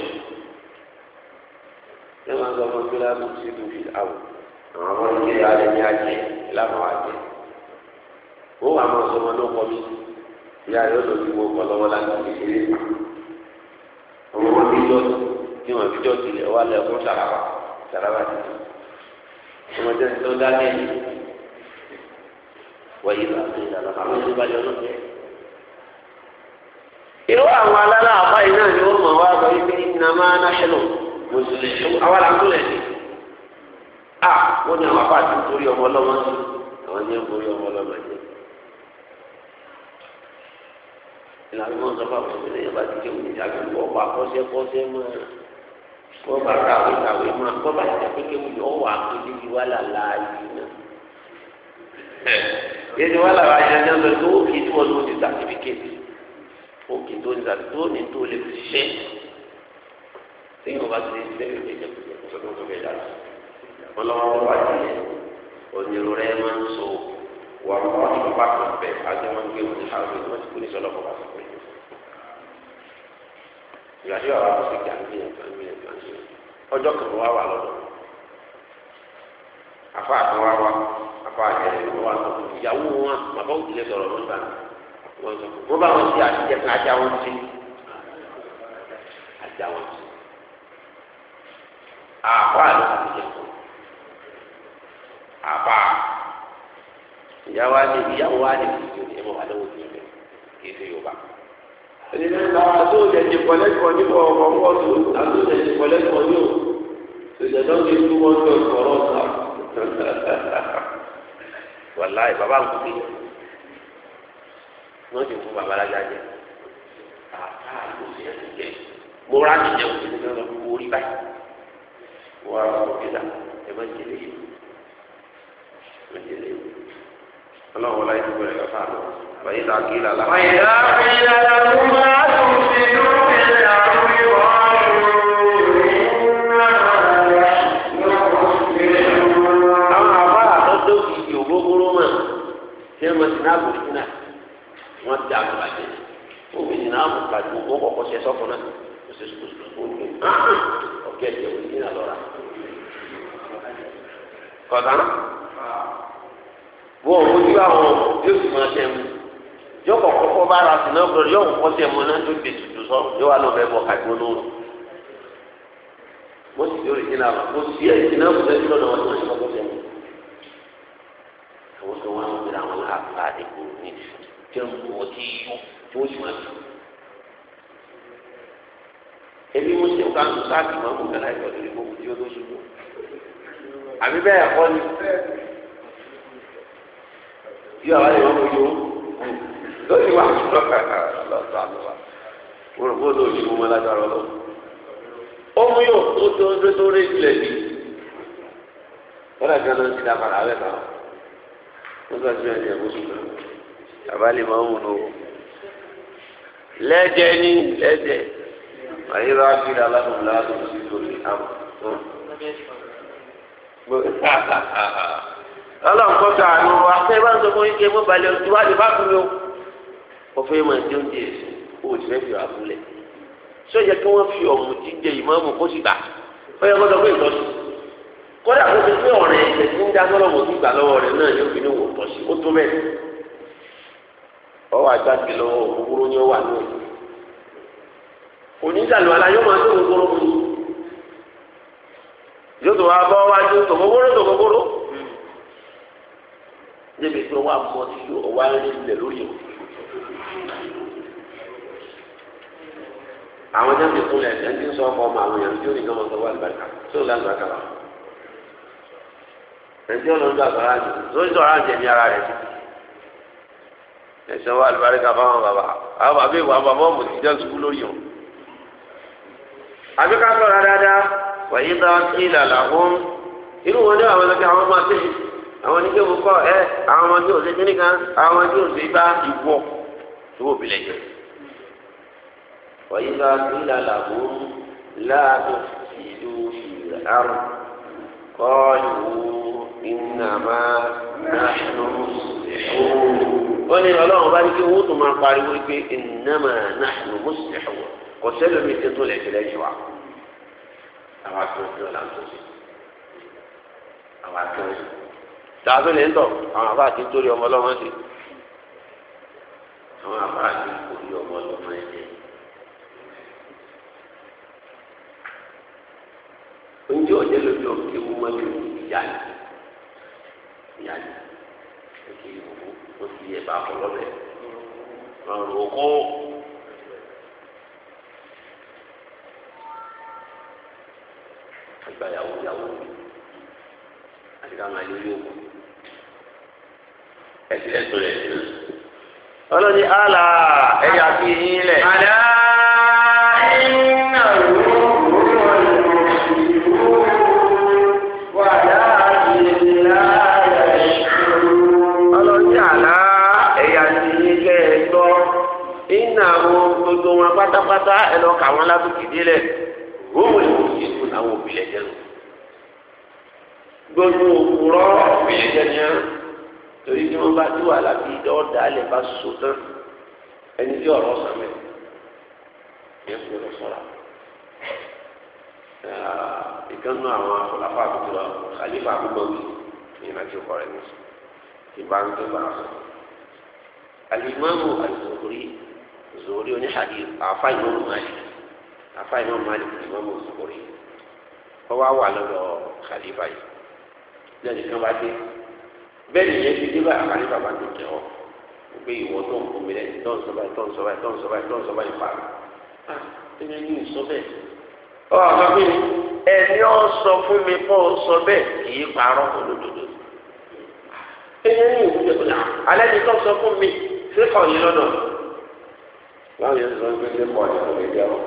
ṣé wọn sọ fún kílá mú sí ìlú fi àwọ̀ àwọn ọmọ ní kí alẹ́ ní ajẹ́ ìlànà ajẹ́. ó wà máa sọ wọn ló kọ́ mi ìyá yóò lọ sí wọn kọ́ lọ́wọ́ láti fi ṣeré. ọmọ wọn bí jọ́sí kí wọn bí jọ́sí lẹ̀ wá lẹ́kún sàràbà sàràbà ti tù. ọmọdé tó dá lẹ́yìn wọ́n yí bàtà ìlànà àwọn ìdíbalẹ̀ ọlọ́fẹ́ irú àwọn alára àbáyé náà ni wọ́n mọ̀ wá sọ wípé ìnáma náṣẹ́nù mùsùlùmí àwọn àkúlẹ̀ ni à wọ́n ní àwọn apáàtì nítorí ọmọ ọlọ́mọ sí àwọn ní ẹ̀kọ́ orí ọmọ ọlọ́mọ jẹ́. ìlànà wọn sọ fún àwọn ìpínlẹ̀ yẹn bá ti jẹ́ òní ìdájọ́ wọ́n bá kọ́sẹ́ kọ́sẹ́ mọ́ wọ́n bá kàwé kàwé mọ́ wọ́n bá ti pé kéwì ọ̀wọ́ àkéde ti wá làlá yìí náà. èdè wà lára ayẹyẹ náà lọ sí owó kìí tí wọ́n lò ó ti sàtífíkẹ́tì òkè tó ní tàbí tó ní tó lè fi ṣe tí yóò bá ti lè ṣe lè jẹ kó tó tó bẹ́ẹ̀ dára ọlọ́wọ́ wà nílẹ̀ onírú rẹ máa ń so wà wọ́n ti bá kan bẹ̀ àti wọ́n gbé wọn ní àwọn ìwé wọn ti kú ní sọ́lọ́ kọ́ bá sọ pé ìgbà tí wàá wà lọ sí ìjà ń gbìyànjú ń gbìyànjú ń gbìyànjú ọjọ́ kan wà wà lọ́dọ̀ afa àtọwà wa afa àjẹrẹ wọn ìyàwó wọn bàbá òjìlẹ̀ sọ̀rọ̀ wọn gbà mo bá wọn ṣe àtijọ́ kan ajá wọn ṣe ajá wọn ṣe àpá ló ti jẹ kó àpá ìyàwó adé ìyàwó adé ti jẹ ẹmọ wà lọ́wọ́ ti jẹ kí ẹsẹ Yorùbá. ẹnìyẹn náà àwọn tó jẹ ti pọ̀ lẹ́kọ̀ọ́ nípa ọkọ ọkọ tó àwọn tó ti pọ̀ lẹ́kọ̀ọ́ ní o tòjá náà lè tú wọn tó ọ̀rọ̀ ọ̀sán wàláì bàbá ń kú wọ́n ti fún babalájà jẹ àbá àlùfẹ́ ẹ̀ jẹ mo rà ní ìjẹun tó ti lọ fún orí báyìí wọ́n á sọ kíkà ẹ má jẹ léyìn má jẹ léyìn ọlọ́run wọlé ayé tó bẹ̀rẹ̀ ká fáà lọ àbáyé tá a kí là láwọn. àyà àyà làwọn máa tún ṣe lórí ẹ̀rọ àwọn ìwà ọ̀rọ̀. àwọn àbá àtọ́jọ́ kìí ògógóró mọ̀ wọ́n dà mí bàjẹ́ obìnrin náà mú kàdú ó kọ̀kọ́ ṣe sọ́kùn náà kò sí sùkúrú sùkúrú ó ń gbé ọ̀kẹ́ ẹ̀jẹ̀ òní náà lọ́ra. kọ̀dá wọ́n ò mójú àwọn yóò sì máa tẹ̀ mú yóò kọ̀kọ́ kọ́ bá ara sí náà bọ̀rọ̀ yóò kọ́ tẹ̀ mú náà tó gbé tutù sọ yóò wá lọ bẹ́ẹ̀ bọ̀ kàdú olóró. mo sì lórí ìdí náà mo sì yẹ náà kò tẹ́jú lọ́nà wọn tí wọ́n ti kọ́kọ́ tẹ̀ mú. àwọn tó wọn ń gbé tí ń wò tí yó tí ó sì máa tó. Ebi mo ṣe nǹkan tó sáà tìmọ̀ mú kẹ́lá ìtọ́ lórí gbogbo tí ó tó ṣubú. Àbí bẹ́ẹ̀ ẹ̀kọ́ ni. Yóò àwọn èèyàn mú yó. Lórí wa lọ́sọ̀ àlọ́wà. Mo rò pé ó lóòjì mo mọ lágbára lọ. Ó mú yóò tó tó tó tó rí ìpìlẹ̀ bí. Wọ́n dàgbà náà ti dá padà abẹ́ kan. Wọ́n gbàgbé ẹni ẹ̀ mú sùn náà bàbá lè máa ń wùn o lẹ́jẹ̀ ní la àyíró àfihàn alámọ̀lá ló ń sí lórí àmọ́. ọlọ́run kọ́ tó àánú wa pé bá ń sọ fún ike mọ́ balẹ̀ ojú wájú bá fún mi o wọ́n fẹ́ máa jẹun díẹ̀ o ò sì fẹ́ fi wà fúnlẹ̀ sọ́jà kí wọ́n fi ọ̀mù jíjẹ ìmọ̀ọ́mù kó sì gbà ó yẹ kó sọ pé ìtọ́sí kódà kó ti pé ọ̀rẹ́ ẹ̀jẹ̀ tí ń dá sọ́lọ́mù sí gbà lọ́wọ́ rẹ̀ náà ní òfin ní wò tọ́sí ó tó bẹ́ẹ̀ ọwọ́ àgbàgbé lọ́wọ́ òwúrọ̀ ni ó wà ní òní. onídàlú alayọ́ máa tó gbogbo mi yóò tó wá bọ́ wájú tó gbogbo tó gbogbo. débi tó wà mọ́ sí ọwọ́ àárín ilẹ̀ lórí o. àwọn jẹ́ mi kúnlẹ̀ ẹ̀ ń sọ ọkọ̀ ọmọ àwọn èèyàn tí ó ní kí wọ́n sọ wà lùbàkà tí ó lálùbàkà wà. ẹ̀jẹ̀ ló ń gbàgbọ́ ara jù lórí sọ̀rọ̀ àjẹmí ara rẹ̀ sí ẹsẹ wa alibarika bá wọn bàbá àwọn bàbá ìwà bàbá wọn ti já sukú lórí wọn. àbí ká sọ̀rọ̀ dáadáa wàyí bá kí làlà fún inú wọn ní àwọn ọlọ́kẹ́ àwọn máa tẹ̀lé àwọn oníkẹ́ wò kọ́ ẹ àwọn ọmọ tí ò ṣe kíní kan àwọn ọmọ tí ò ṣe bá ìwọ tó wò bílẹ̀ jẹ. wàyí bá kí làlà fún láàbù ìlú ìlàrú kọ́ ìwú ìnàmá náà ló ń ṣe ó ní ọlọ́run bá ní kí owó tó máa pariwo pé ìnáma náà ló mú sílẹ̀ wọ̀ kò sẹ́lẹ̀ mi tó lẹ̀ sílẹ̀ jù wá. àwọn akẹ́wọ̀n náà là ń sí àwọn akẹ́wọ̀n yìí. tààtò lè ń tọ̀ àwọn àbá àti nítorí ọmọ ọlọ́mọ sí. àwọn àbá àti nítorí ọmọ ọlọ́mọ ẹ̀jẹ̀. oúnjẹ ọ̀jẹ̀ lójú ọ̀kẹ́wọ́ mọ́tò ìyá yìí ìyá kí ìwòwò ó sì yẹ bá kọ lọ́bẹ̀ máa rò kó. àgbà yàwó yàwó mi àti ká máa yọ yóò kù ẹsẹ̀ ẹ̀sùn rẹ̀ sí. ọlọ́ni àlà fi yín lẹ̀. àlà ẹ̀yìn. gbogbo wọn pátápátá ẹ lọ kà wọn lábùkì délẹ̀ wọn wò lè wòye tó làwọn òbílẹ̀ jẹ lọ gbogbo òkúrọ òbílẹ̀ jẹ ni torí tí wọn bá tí wà lábí dọ́ọ̀dà lè bá so tán ẹni tí ọ̀rọ̀ sàmẹ ẹ kò lọ sọ̀rọ̀ ìkànnù àwọn afọláfà àbúkù lọ kàlífà àbúkù wí ìrìnàjò kọrẹ ní ìbánu bá a sọ alimami alizokuri zòwòrí oníhàdí àfa ìmọ̀mù malik àfa ìmọ̀mù malik ni ìmọ̀mù zòwòrí wọ́n wá wà lọ́dọ̀ khalifa yìí lẹ́nu kan bá dé bẹ́ẹ̀ nìyẹn ti dé báyìí khalifa bá tó kẹ́ ọ pé ìwọ tó ń kó mi lẹ́yìn tó ń sọ báyìí tó ń sọ báyìí tó ń sọ báyìí tó ń sọ báyìí fàá ah ẹni ẹni ò sọ bẹ́ẹ̀ ọ àwọn mi ẹni ọ sọ fún mi kó o sọ bẹ́ẹ̀ kì í parọ́ olódodo ẹni ẹni ò sọ bẹ́ẹ̀ alẹ́ ni tó sọ fún mi ṣé kàn yín lọ́dọ̀ láwọn yẹn sọ pé ṣé pọ̀ ní kòlè jẹ́ wọn.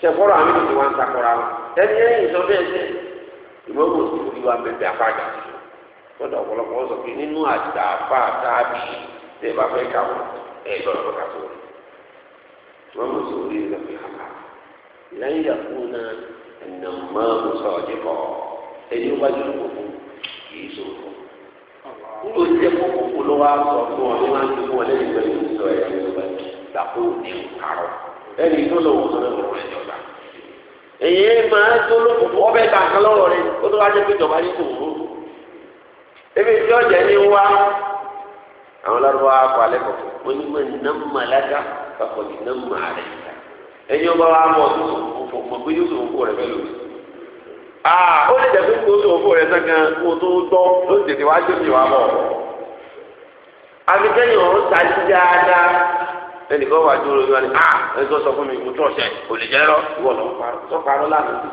ṣẹ̀fọ́rọ̀ àmì tuntun wa ń takora wọn. ẹni ẹ̀yìn sọ bẹ́ẹ̀ ṣe ìwé wò sí orí wa bẹ́ẹ̀ bẹ́ẹ̀ afáàjà lọ́dọ̀ ọ̀pọ̀lọpọ̀ wọ́n sọ pé nínú àdá afá tábì tẹ́ ẹ bá fẹ́ kà wọ́n ẹ̀ gbọ́dọ̀ fọ́ kà sórí. wọ́n mọ̀ sí orí rẹ̀ fi hàn án. lẹ́yìn náà ẹ̀nà mọ́ nígbà tí ẹ̀kọ́ kókó ló wá sọ fún ọ ní wọ́n ti fún ọ lẹ́yìn pẹ̀lú ìsọ ẹ̀ gbàgbó ní ìkarọ̀ ẹni tó lọ́wọ́ tó lọ́wọ́ rẹ̀ èyí máa tó gbà kan ó tó wá pé ìjọba ebi tí ni wá àwọn wa alẹ́ ẹ̀yin ọba wa mọ̀ tó aa ah, o le jẹ́ pé kó tó rẹ̀ sẹ́gun kó tó tọ́ ó sì tètè wájú mi wá bọ̀. àfikẹ́yìn ọ̀hún tají dáadáa ẹnìkan wà dúró lórí wa ni a ah, ẹni tó sọ fún mi mo tún ọ̀sẹ̀ kò lè jẹ́ rọ ìwọ lọ sọ parọ́ lánàá ti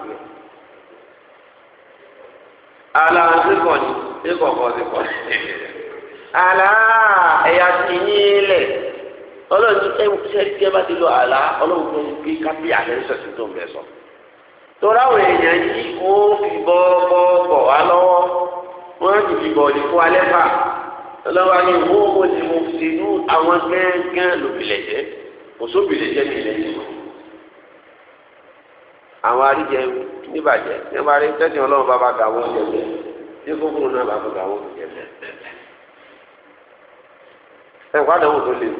ala ṣe kọ̀ ni ṣe kọ̀ kọ̀ ṣe kọ̀ ala ẹ̀yà ti yín lẹ̀ ọlọ́run ṣe é ṣe é bá ti lo àlá ọlọ́run tó ń gbé torí àwọn èèyàn yìí wọ́n fi bọ́ bọ́ bọ̀ wá lọ́wọ́ wọ́n sì fi bọ̀ ní fún alẹ́ fà lọ́wọ́ ni wọ́n mo sì mo sì nú àwọn gángan lòbìlẹ̀ jẹ́ òṣòbìlẹ̀ jẹ́ mi lẹ́yìn wọn. àwọn àríjẹ níbàjẹ́ nígbà rí tẹ́sán ọlọ́run bàbá gà wọ́n jẹ bẹ́ẹ̀ ní kókóró náà bàbá gà wọ́n jẹ bẹ́ẹ̀. ẹ̀ wá dánwò tó léwu.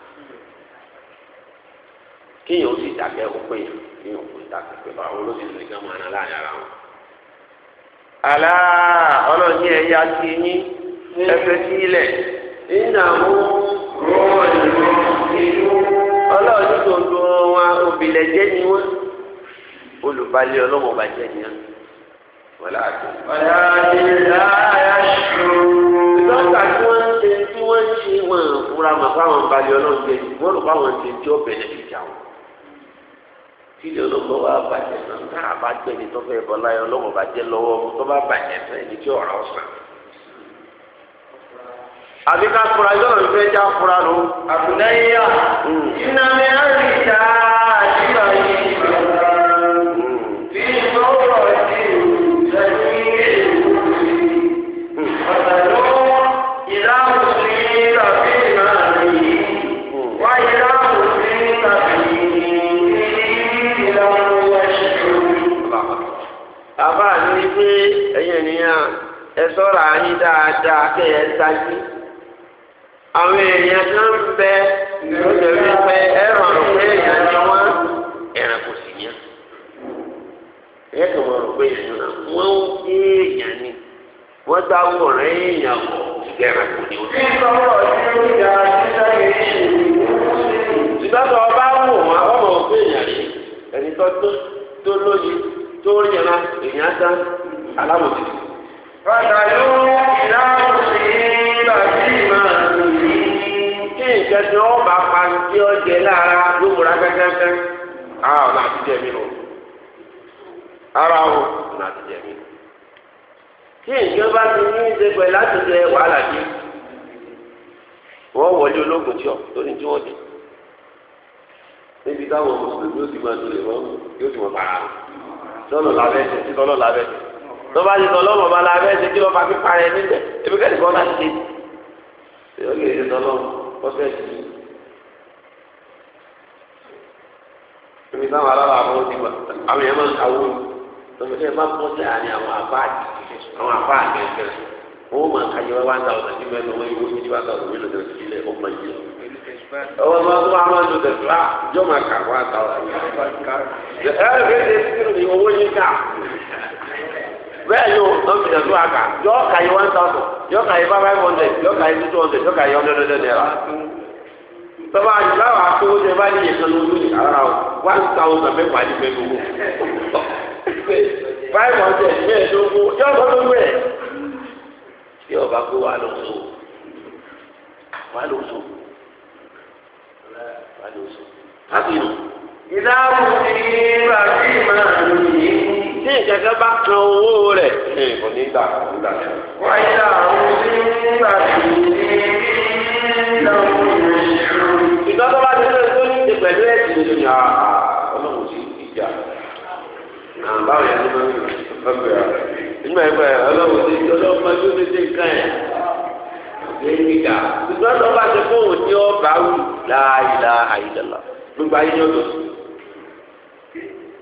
kéèyàn ó sì dàgẹ́ ó pé kéèyàn ó sì dàgẹ́ pé báwo ló sì lè gán máa láàyè ara wọn. àlá ọlọ́ọ̀ni ẹ̀yà ti yín ẹsẹ̀ sí ilẹ̀ ìnáwó rọ́ọ̀lì ìlú ọlọ́ọ̀ni gbogbo wọn òbílẹ̀ jẹ́ ni wọ́n olùbalẹ̀ ọlọ́wọ́ bàjẹ́ ni wọ́n. wọ́lá àti. ọ̀la ìlà ayáṣọ́. lọ́kà tí wọ́n ṣe tí wọ́n ṣe wọn fúra mọ̀ fáwọn balẹ̀ ọlọ́ọ̀ni wọ́n rò fáwọn ṣe tí bẹ̀rẹ̀ ìjà wọn tí ilé olóńgbò wa bàjẹ́ náà tá a bá gbé ní tọ́fẹ́ bọ́lá yọ bàjẹ́ lọ́wọ́ mu tó bá bàjẹ́ fún ẹni tí ọ̀rọ̀ sàn. àbí ká fura yọ̀rọ̀ ìfẹ́ já fura lò. àbùdáyé yá. iná mi á rí ta àdìgbà ẹ anyị yín dáadáa kẹ́ ya dájú. àwọn èèyàn tó ń bẹ lóṣèlú wípé ẹ rọrùn pé èèyàn ni wọ́n ẹ̀ràn kò sí yẹn. ẹ kàn mọ̀ pé èèyàn ń gbé èèyàn ni dá èèyàn ìgbẹ́ràn kò ní ọba fàtàlóhùn ìdáhùn sí bàbí màá lò ní. kí ìjẹsìn wọn bá pa kí ọ jẹ lára ló múra kẹkẹkẹ. a ò náà ti jẹ mí o ara o náà ti jẹ mí. kí ìjọba ti ní í ṣe pẹ̀lú láti jẹ wàhálà dé. wọ́n wọlé ológun tí ọ lórí tí wọ́n dé níbi táwọn mùsùlùmí ó sì máa dúró lè mọ yóò sì mọ bàrà lọ́nà lábẹ́ títí lọ́nà lábẹ́ títí lọ́ba ti tọ́ lọ́mọ bá la bẹ́ẹ̀ ṣe kí lọ́ fa pípa rẹ nílẹ̀ ebi kẹ́lẹ́ kọ́ náà ṣe ṣe ó lè ṣe tọ́ lọ́mọ kọ́sẹ̀ ṣe. ebi táwọn aláwọ̀ àbọ̀ ti wà àwọn yẹn máa ń kàwé tọ́mọ tẹ́ ẹ bá pọ̀ sí àárín àwọn àbá àti àwọn àbá àgbẹ̀fẹ̀ wọ́n máa ka yẹ wá ta ọ̀nà tí mẹ́rin lọ́wọ́ yìí wọ́n ti wá ta ọ̀nà mélòó tó ti lẹ̀ ọmọ yìí ọwọ́ máa tó wá máa tó tẹ̀sí wá jọ́ máa kà wá ta ọ̀nà yìí ẹ ẹ bẹ́ẹ̀ ni owó yìí kà. bẹ́ẹ̀ yóò lọ́bìnrin ọdún àgbà yọ ọ̀ka yìí one thousand yọ ọ̀ka yìí five hundred yọ ọ̀ka yìí two hundred yọ ọ̀ka yìí hundred naira. tọ́ba àdìbá wa tó ara gbogbo bẹ́ẹ̀ kú yọ ọba kó wa ló so wa ló so wa ló so. ti tí ìjàgbá bá kan owó rẹ̀ kò ní gbà nígbà tí. wáyé àwọn tí nígbà tí ìgbà tó bá ti lọ tó ní ti pẹ̀lú ẹ̀sìn ìrìn àà ah, ọlọ́run sì ti jà náà báwo yẹn ló máa ń bẹ̀rẹ̀ ah, nígbà yẹn bẹ̀rẹ̀ ọlọ́run sì ti ọlọ́run máa tó ní ti nǹkan yẹn lẹ́yìnká ìgbà tó bá ti fóun ní ọ̀bá wù láàyè láàyè lọ́la gbogbo ayé ní ọ̀dọ̀ sí i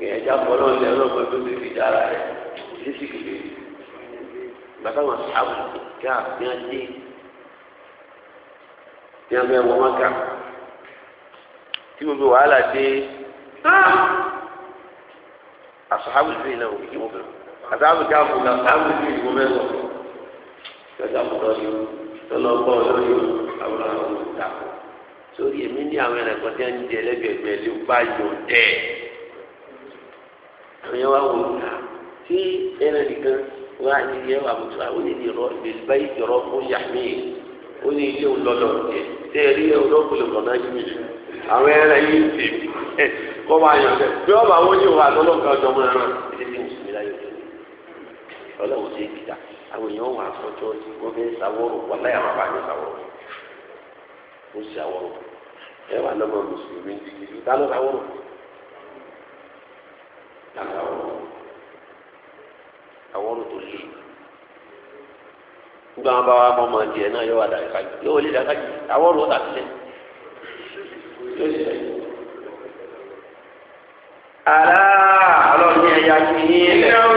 ìyẹn já bọ́ náà lẹ́yìn náà pẹ̀lú bíbí dára rẹ̀ sísì kìlì bàtà wọn sábà ká ní adé ní abẹ́ wọn má ká tí gbogbo wàhálà dé asahabu ti na òkè wọn fẹ asahabu ti àpò na asahabu ti ìwọ bẹ sọ gbẹdà àpò lọ yóò tọlọ bọ lọ yóò àwọn àwọn ọmọ ìta sórí èmi ní àwọn ẹnìkan tí wọn ń jẹ lẹbi ẹgbẹ lé wọn bá yọ dẹ. àwọn yẹn wá wò ó tí ẹnì nìkan wọn á yẹ wà mọtò àwọn yẹn ní ìrọ ìbílẹ̀ yìí rọ fún yàmi ó ní ilé òlọlọ jẹ tẹ ẹ rí ẹ olóògbé kọ̀ọ̀nà yìí àwọn ẹ̀rọ yìí ń tè kó máa yàn dẹ bí wọn yóò wà lára ọ̀rọ̀ àwọn ọ̀rọ̀ tó lé gbogbo àwọn bàbá ọmọ ọmọ tiẹ̀ náà yóò wá dàgbàjì yóò wọlé dàgbàjì àwọn ọ̀rọ̀ tàbí lẹ yóò sì lẹ. àlá ọlọ́run ní ẹ̀yà kìíní lẹ́wọ̀.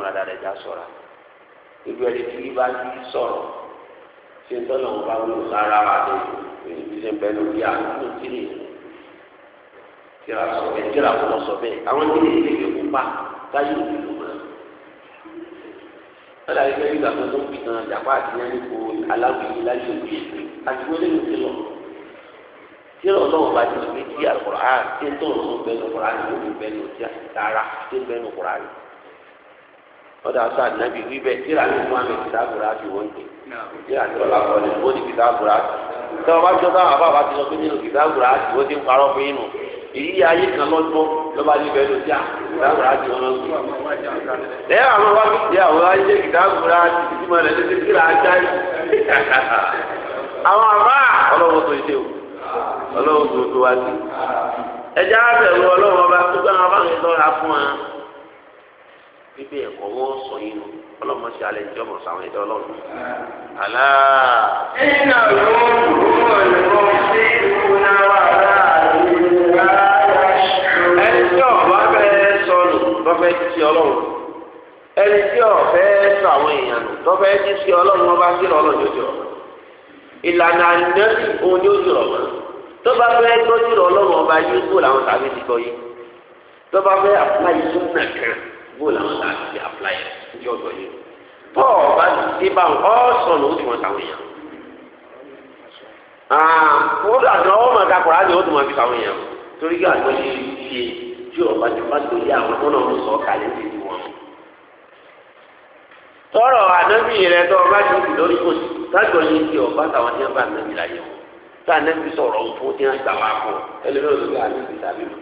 múra dáadáa já sọ̀ra ibi ẹni tí bá ti sọ̀rọ̀ ṣe ń tọ́lọ̀ ń bá wúlò lára wa lè ní bí ṣe ń bẹ lórí àdúgbò tí lè tíra sọ bẹ́ẹ̀ tíra kọ́ sọ bẹ́ẹ̀ àwọn tí lè lè kó pa táyé òbí ló mọ̀ ọ́ dàbí pé nígbà tó tó ń pìtàn àjàpá àti yẹn nípo aláwìyí láyé òbí àti wọlé ló ti lọ tíra ọlọ́wọ́ bá ti lè tí àlùkò rà á tí ń tó ń bẹ́ẹ̀ lọ́kọ̀ rà á tí ń bẹ́ẹ̀ lọ́kọ̀ ọdọ aṣọ ànábì wí bẹ́ẹ̀ tíra ní fún àmì kìtàbùrà àti wọn kì tíra ní ọlá kọ ní wọn ní kìtàbùrà àti tí wọn bá jọ sáwọn àbá àbá ti sọ pé nínú kìtàbùrà àti wọn ti ń parọ́ fún yín nù èyí ayé kan lọ́dún lọ́ba ní bẹ́ẹ̀ ló ti à kìtàbùrà àti wọn lọ́dún. lẹ́yìn àwọn wá fi àwọn ayé kìtàbùrà àti ìdímọ̀ rẹ̀ ló ti tíra ajá yìí. àwọn àbá ọlọ́wọ́ tó ṣe o ọlọ́wọ́ tó tó wá sí. ẹja bíbẹ̀ ẹ̀kọ́ wọ́n sọ yín nu ọlọ́mọ sí alẹ́ ìjọ mọ̀ sáwọn ẹ̀dá ọlọ́run. àlá. iná ló ń wọ ìwọ sí ìfúnná wà láàrin ìgbà yàtọ̀. ẹni tí ọba fẹ́ sọnù lọ́fẹ́ ti ti ọlọ́run ẹni tí ọ̀fẹ́ sọ àwọn èèyàn nù lọ́fẹ́ ti ti ọlọ́run wọn bá sí ọlọ́run jọjọ. ìlànà àdínẹ́sì òun ni ó jùrọ̀ mọ́ tó bá fẹ́ tọ́jú ọlọ́run ọba yín kó làwọn tàbí ti gbọ́ yín tó bá fẹ́ àpáyé sún nàkàn bóòlù àwọn tá a ti apply ẹ̀ ní ọ̀dọ̀ yìí tó o bá ti dé bá wọn ọ sọnù ó ti wọn sàwọn èèyàn ó dà ní ọwọ́ máa kakọ̀ láti ó ti wọn fi sàwọn èèyàn torí kí àgbẹ̀ ṣe ṣe tí ọba ti bá tó yé àwọn tó náà ń sọ kalẹ̀ ti di wọn. tọrọ ànábì rẹ tó ọba ti di lórí kò sí tájọ yìí ti ọba táwọn tí wọn bá ànábì láyé wọn tá ànábì sọ̀rọ̀ òfin tí wọn gbà wá fún ẹlẹ́rìí olùgbé ànábì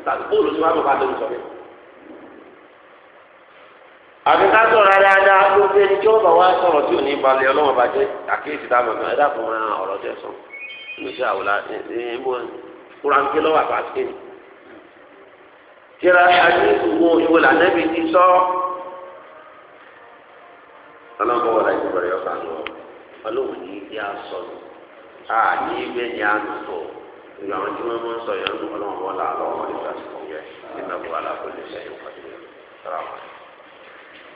tàbí bóòlù àbí ká sọ̀rọ̀ dáadáa ló dé ní tí ó bá wá sọ̀rọ̀ tí ò ní balẹ̀ ọlọ́wọ́ bá jẹ́ àkéyèsí dáàbò náà ẹ̀dá fún wọn ọ̀rọ̀ tẹ̀ sọ nínú iṣẹ́ àwòlá ẹ̀ẹ́dẹ́gbọ́ kúránkì lọ́wọ́ àbáṣe ni. tíra àdéhùn wo ìwé lànàbì ti sọ ọlọ́wọ́ wọlé ìgbọ̀rẹ̀ ọ̀sán lọ ọlọ́wọ́ ní ìdí àsọ̀nù à ní ibẹ̀ ní àná tó ìgbà wọn tí wọ́n mọ̀ sọ yẹn ọlọ́wọ́ wọlé àlọ́ wọn ní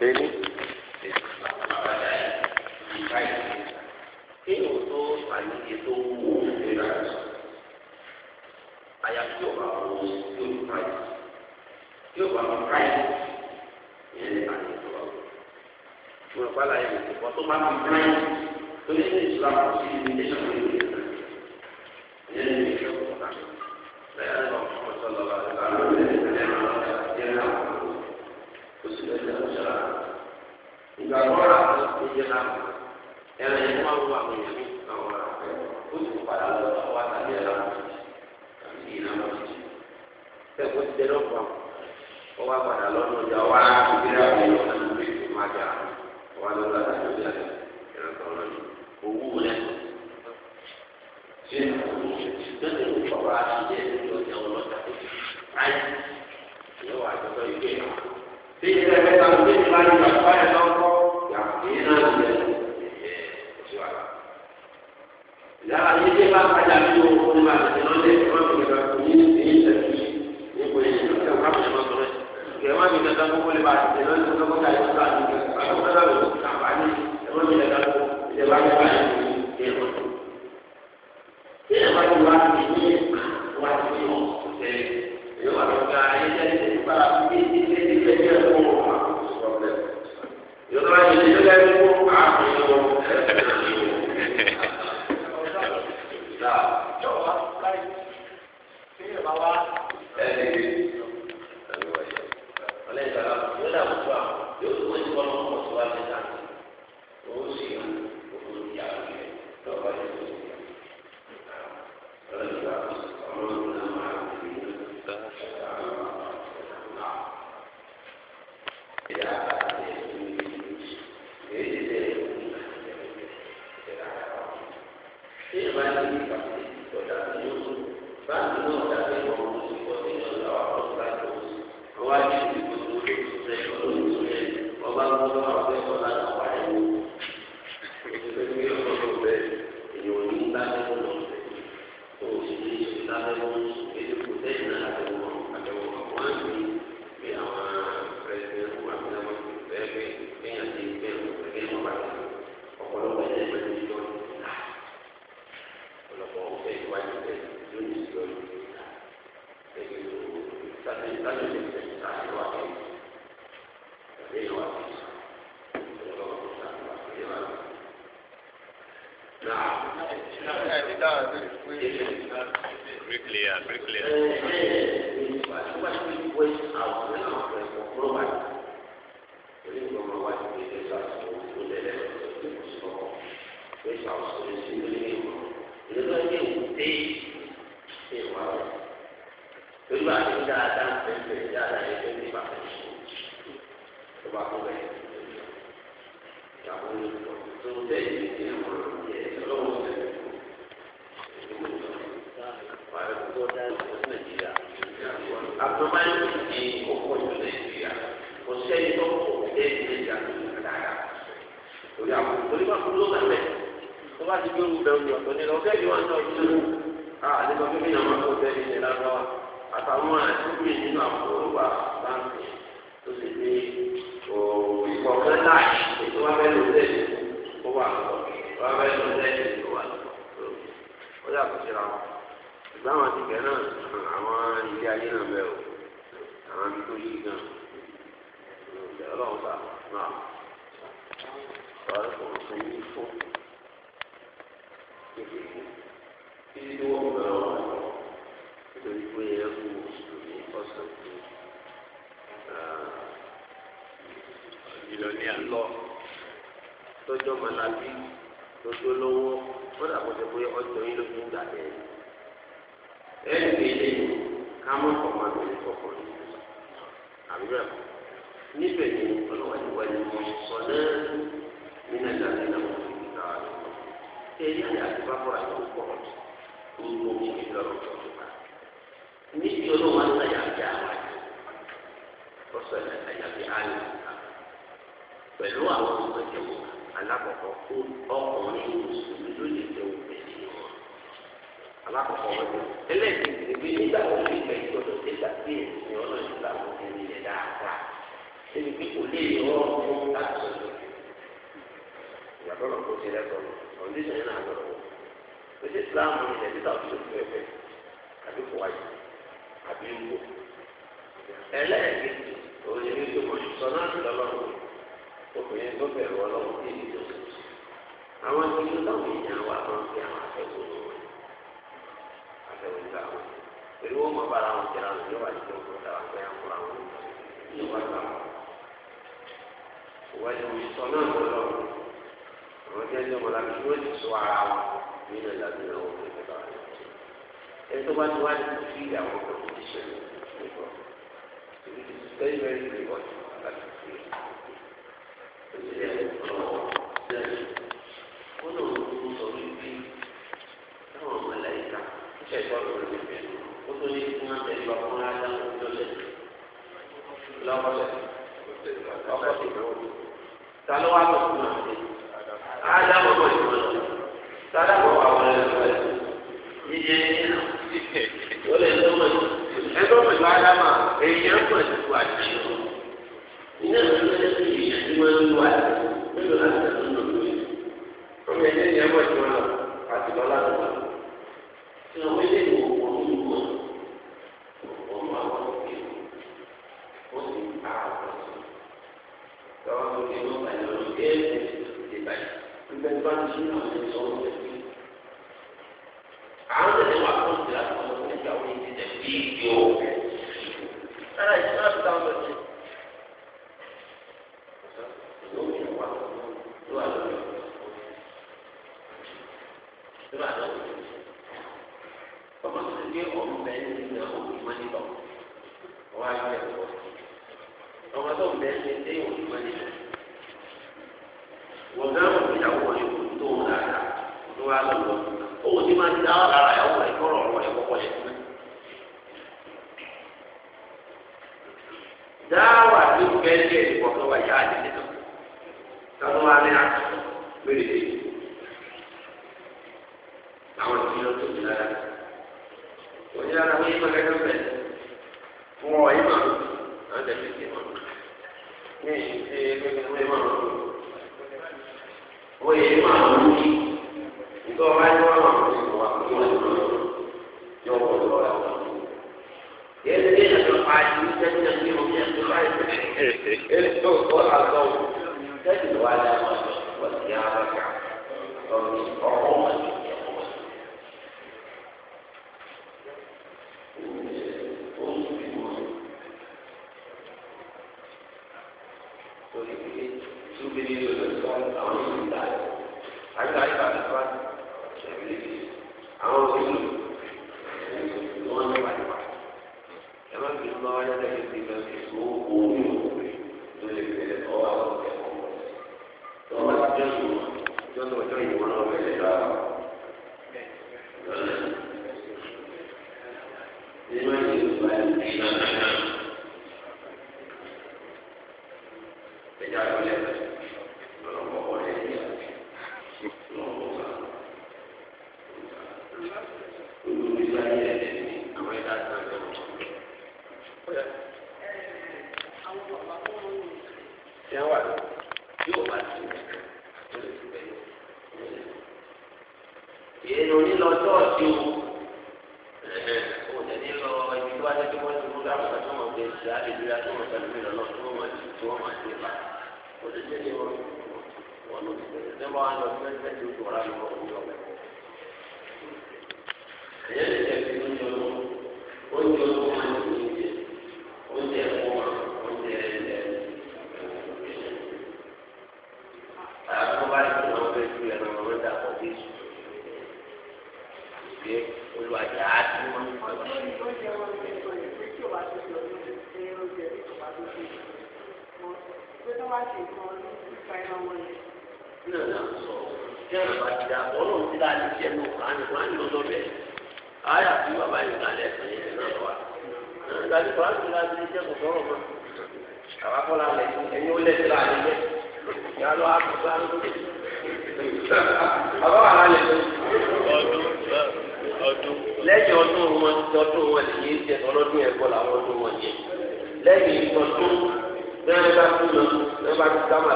Bẹ́ẹ̀ni. Kéèyàn tó àyíké tó wù ú nígbà tó. Àyàfi ọ̀gá wo yóò ní báyìí. Yóò bá wọn báyìí. Ìyẹn lè bàjẹ́ tó wà. Mo rò pálá yẹn kò tó bá wọn báyìí. Lórí ilé ìṣúra kò sí ibi tí ìṣòro yìí lè Ìyẹn lè ní ìṣòro Bẹ́ẹ̀ ni wọ́n fọwọ́ sọ́dọ̀ wà lọ́wọ́ àwọn ọ̀rẹ́ rẹ̀ lẹ́nu àwọn ọ̀rẹ́ rẹ̀ oṣù mẹ́ta ló ṣe rárá ìgbà tó rà ó jẹ náà ẹran yẹn máa ń wọ àwọn èèyàn ní àwọn àfẹ ó sì padà lọ sí àwọn àtàlẹ ẹran méjì àti ìran méjì fẹkọọ ti dẹrọ pa ó wá padà lọ́nà ọjà wá ìgbéra mi lọ́nà ìgbé tó máa jà wá lọ́nà àtàlẹ ọjà ẹran kan lọ ní owó rẹ ṣé owó rẹ tó ti wù bàbá àti ìjẹ ìjọ ọjà ọlọ́jà ayé ìyẹn wà á jọ sọ ìgbéyàwó tí ilé ẹgbẹ́ ta ló dé ìgbà yìí bàbá ẹ̀ lọ́kọ́ yàtọ̀ yìí náà ló yẹ oṣù àlà. ìyára yìí dé bá kájà bí o kó ní bàtà ní lọ́lẹ̀ wọ́n fi gbẹ̀gbẹ̀ kò ní ní ìtẹ̀sí níbo yìí ní ọ̀sẹ̀ wọn fi lọ́sọ̀ rẹ̀. kẹ̀ wọ́n fi gbẹ̀gbẹ̀ kó lè bàtà ní lọ́lẹ̀ tó kọjá yìí tó àti gbẹ̀gbẹ̀ kó lọ́lẹ̀ ló ti àǹfààní ẹ̀wọ́n Bricklayer, bricklayer. Uh, uh, tó dá sí nàìjíríà àpòmáyé ti òkú ìlú nàìjíríà kò sẹ́yìn tó kò dé nàìjíríà tó ti kàdá yà lórí àpò torí wà kúrò lọ́sẹ̀ tó bá ti gbé wù bẹ́ẹ̀ wù ọ̀tọ̀ nílò ọ̀gá ìwà náà ti wù á nípa pé mi àwọn akó bẹ́ẹ̀ nílẹ̀ lọ́wọ́ àtàwọn àtúgbìn nínú àpò wà báńkì tó ti di ìkọ̀ọ̀kan láì ètò wà bẹ́ẹ̀ lọ́sẹ̀ kó wà lọ́wọ́ wà bẹ́ẹ̀ lọ́sẹ̀ kó wà lọ́wọ́ ó yà kó síra wọn ìbáwọn àti ìbẹ̀ náà àwọn ilé ayé náà bẹ̀ o àwọn ibi tó yí gan ìbẹ̀ ọlọ́run bá náà sọ̀rọ̀ kò sí ní fún kí ló wọ́n bẹ̀rẹ̀ wọn nítorí pé ẹ̀kú mùsùlùmí ọ̀sán tó ìlọ́ni àlọ́ tọ́jọ́ mọ̀lábí tó tó lọ́wọ́ wọ́n dàgbọ́dọ̀ pé ọjọ́ yín ló ń gbà bẹ́ẹ̀ ẹ̀rí ilé ká mọ̀ pọ̀ máa gbé ìfọ̀kọ̀ ní ìfọ̀ àbúrò ẹ̀kọ́ níbẹ̀ ni ọlọ́wọ́dìwọ́ ni mo sọ náà nínú ẹ̀dá ní àwọn ìgbà rẹ̀ ẹ̀rí àyà àti bábọ̀ àti púpọ̀ ní mo ní ìgbà rẹ̀ tó tó bá níbi ọlọ́wọ́ àtàyà àti àwọn àti ọ̀sọ̀ àyà àti àlè pẹ̀lú àwọn ọmọ ìjẹun alákọ̀ọ́kọ́ ọkùnrin mùsùlùmí ló lè jẹun alákọ̀ọ́kọ́ wọn eléyìí ti bí nígbà tó ní ìgbà ìgbọ̀dọ̀ nígbà tí èsì ọ̀nà ìgbà tó ti rí rẹ̀ dáadáa ebi tí kò lè yọ ọ́ fún láti sọ̀tọ̀ ìyàtọ̀ lọ kó ti lẹ́tọ̀ kọ̀ǹdíṣìn yẹn náà lọ́wọ́ oṣù ìsìláàmù ni ẹ̀dí tàbí oṣù ẹ̀fẹ̀ àbí kò wáyé àbí wò ẹlẹ́ẹ̀kejì òun ni wípé mo ẹ̀wọ̀n ìgbà wọn pẹ̀lú wọn mọ̀ bára wọn jẹ́ra wọn yóò wá ní ìjọba ọ̀dà wọn bẹ́ẹ̀ fúnra wọn ní ìwà gbà wọn. ìwà ìwà ìsọ náà ló lọ àwọn jẹ́ ní ọmọ làbí yóò ti sọ ara wọn nínú ìlànà ìlànà wọn fún ìjọba wọn. ẹni bá ti wá ní fi ìyàwó competition nígbà it is very very important that you feel. ẹ̀ gbọ́dọ̀ rẹ̀ ó tó ní kí wọ́n tẹ̀lé ọkùnrin adáwọ̀ tó lẹ̀ lọ́kọ̀lẹ̀ ọkọ̀ tó lọ́wọ́ ta ló wá lọ fún àti adáwọ̀ mọ̀ ìmọ̀ sádáwọ̀ àwọn ẹ̀rọ ẹ̀ yíyé ó lè lọ́wọ́ ẹgbẹ́ pẹ̀lú adáwọ̀ èèyàn pọ̀ ju àti ìrọ̀ iná ìrọ̀lẹ́ tó yẹ kí wọ́n ń lo àti mélòó láti tẹ̀lé lọ́dún yìí ọmọ ẹ̀jẹ̀ ni ẹ̀ mọ̀ ìmọ̀ àti lọ́lá lọ́wọ́ ìnáwó àwọn ọ̀sán ti ń fún ìdílé àti ọmọ ìgbà wọn ti tẹ̀ bí ìgbé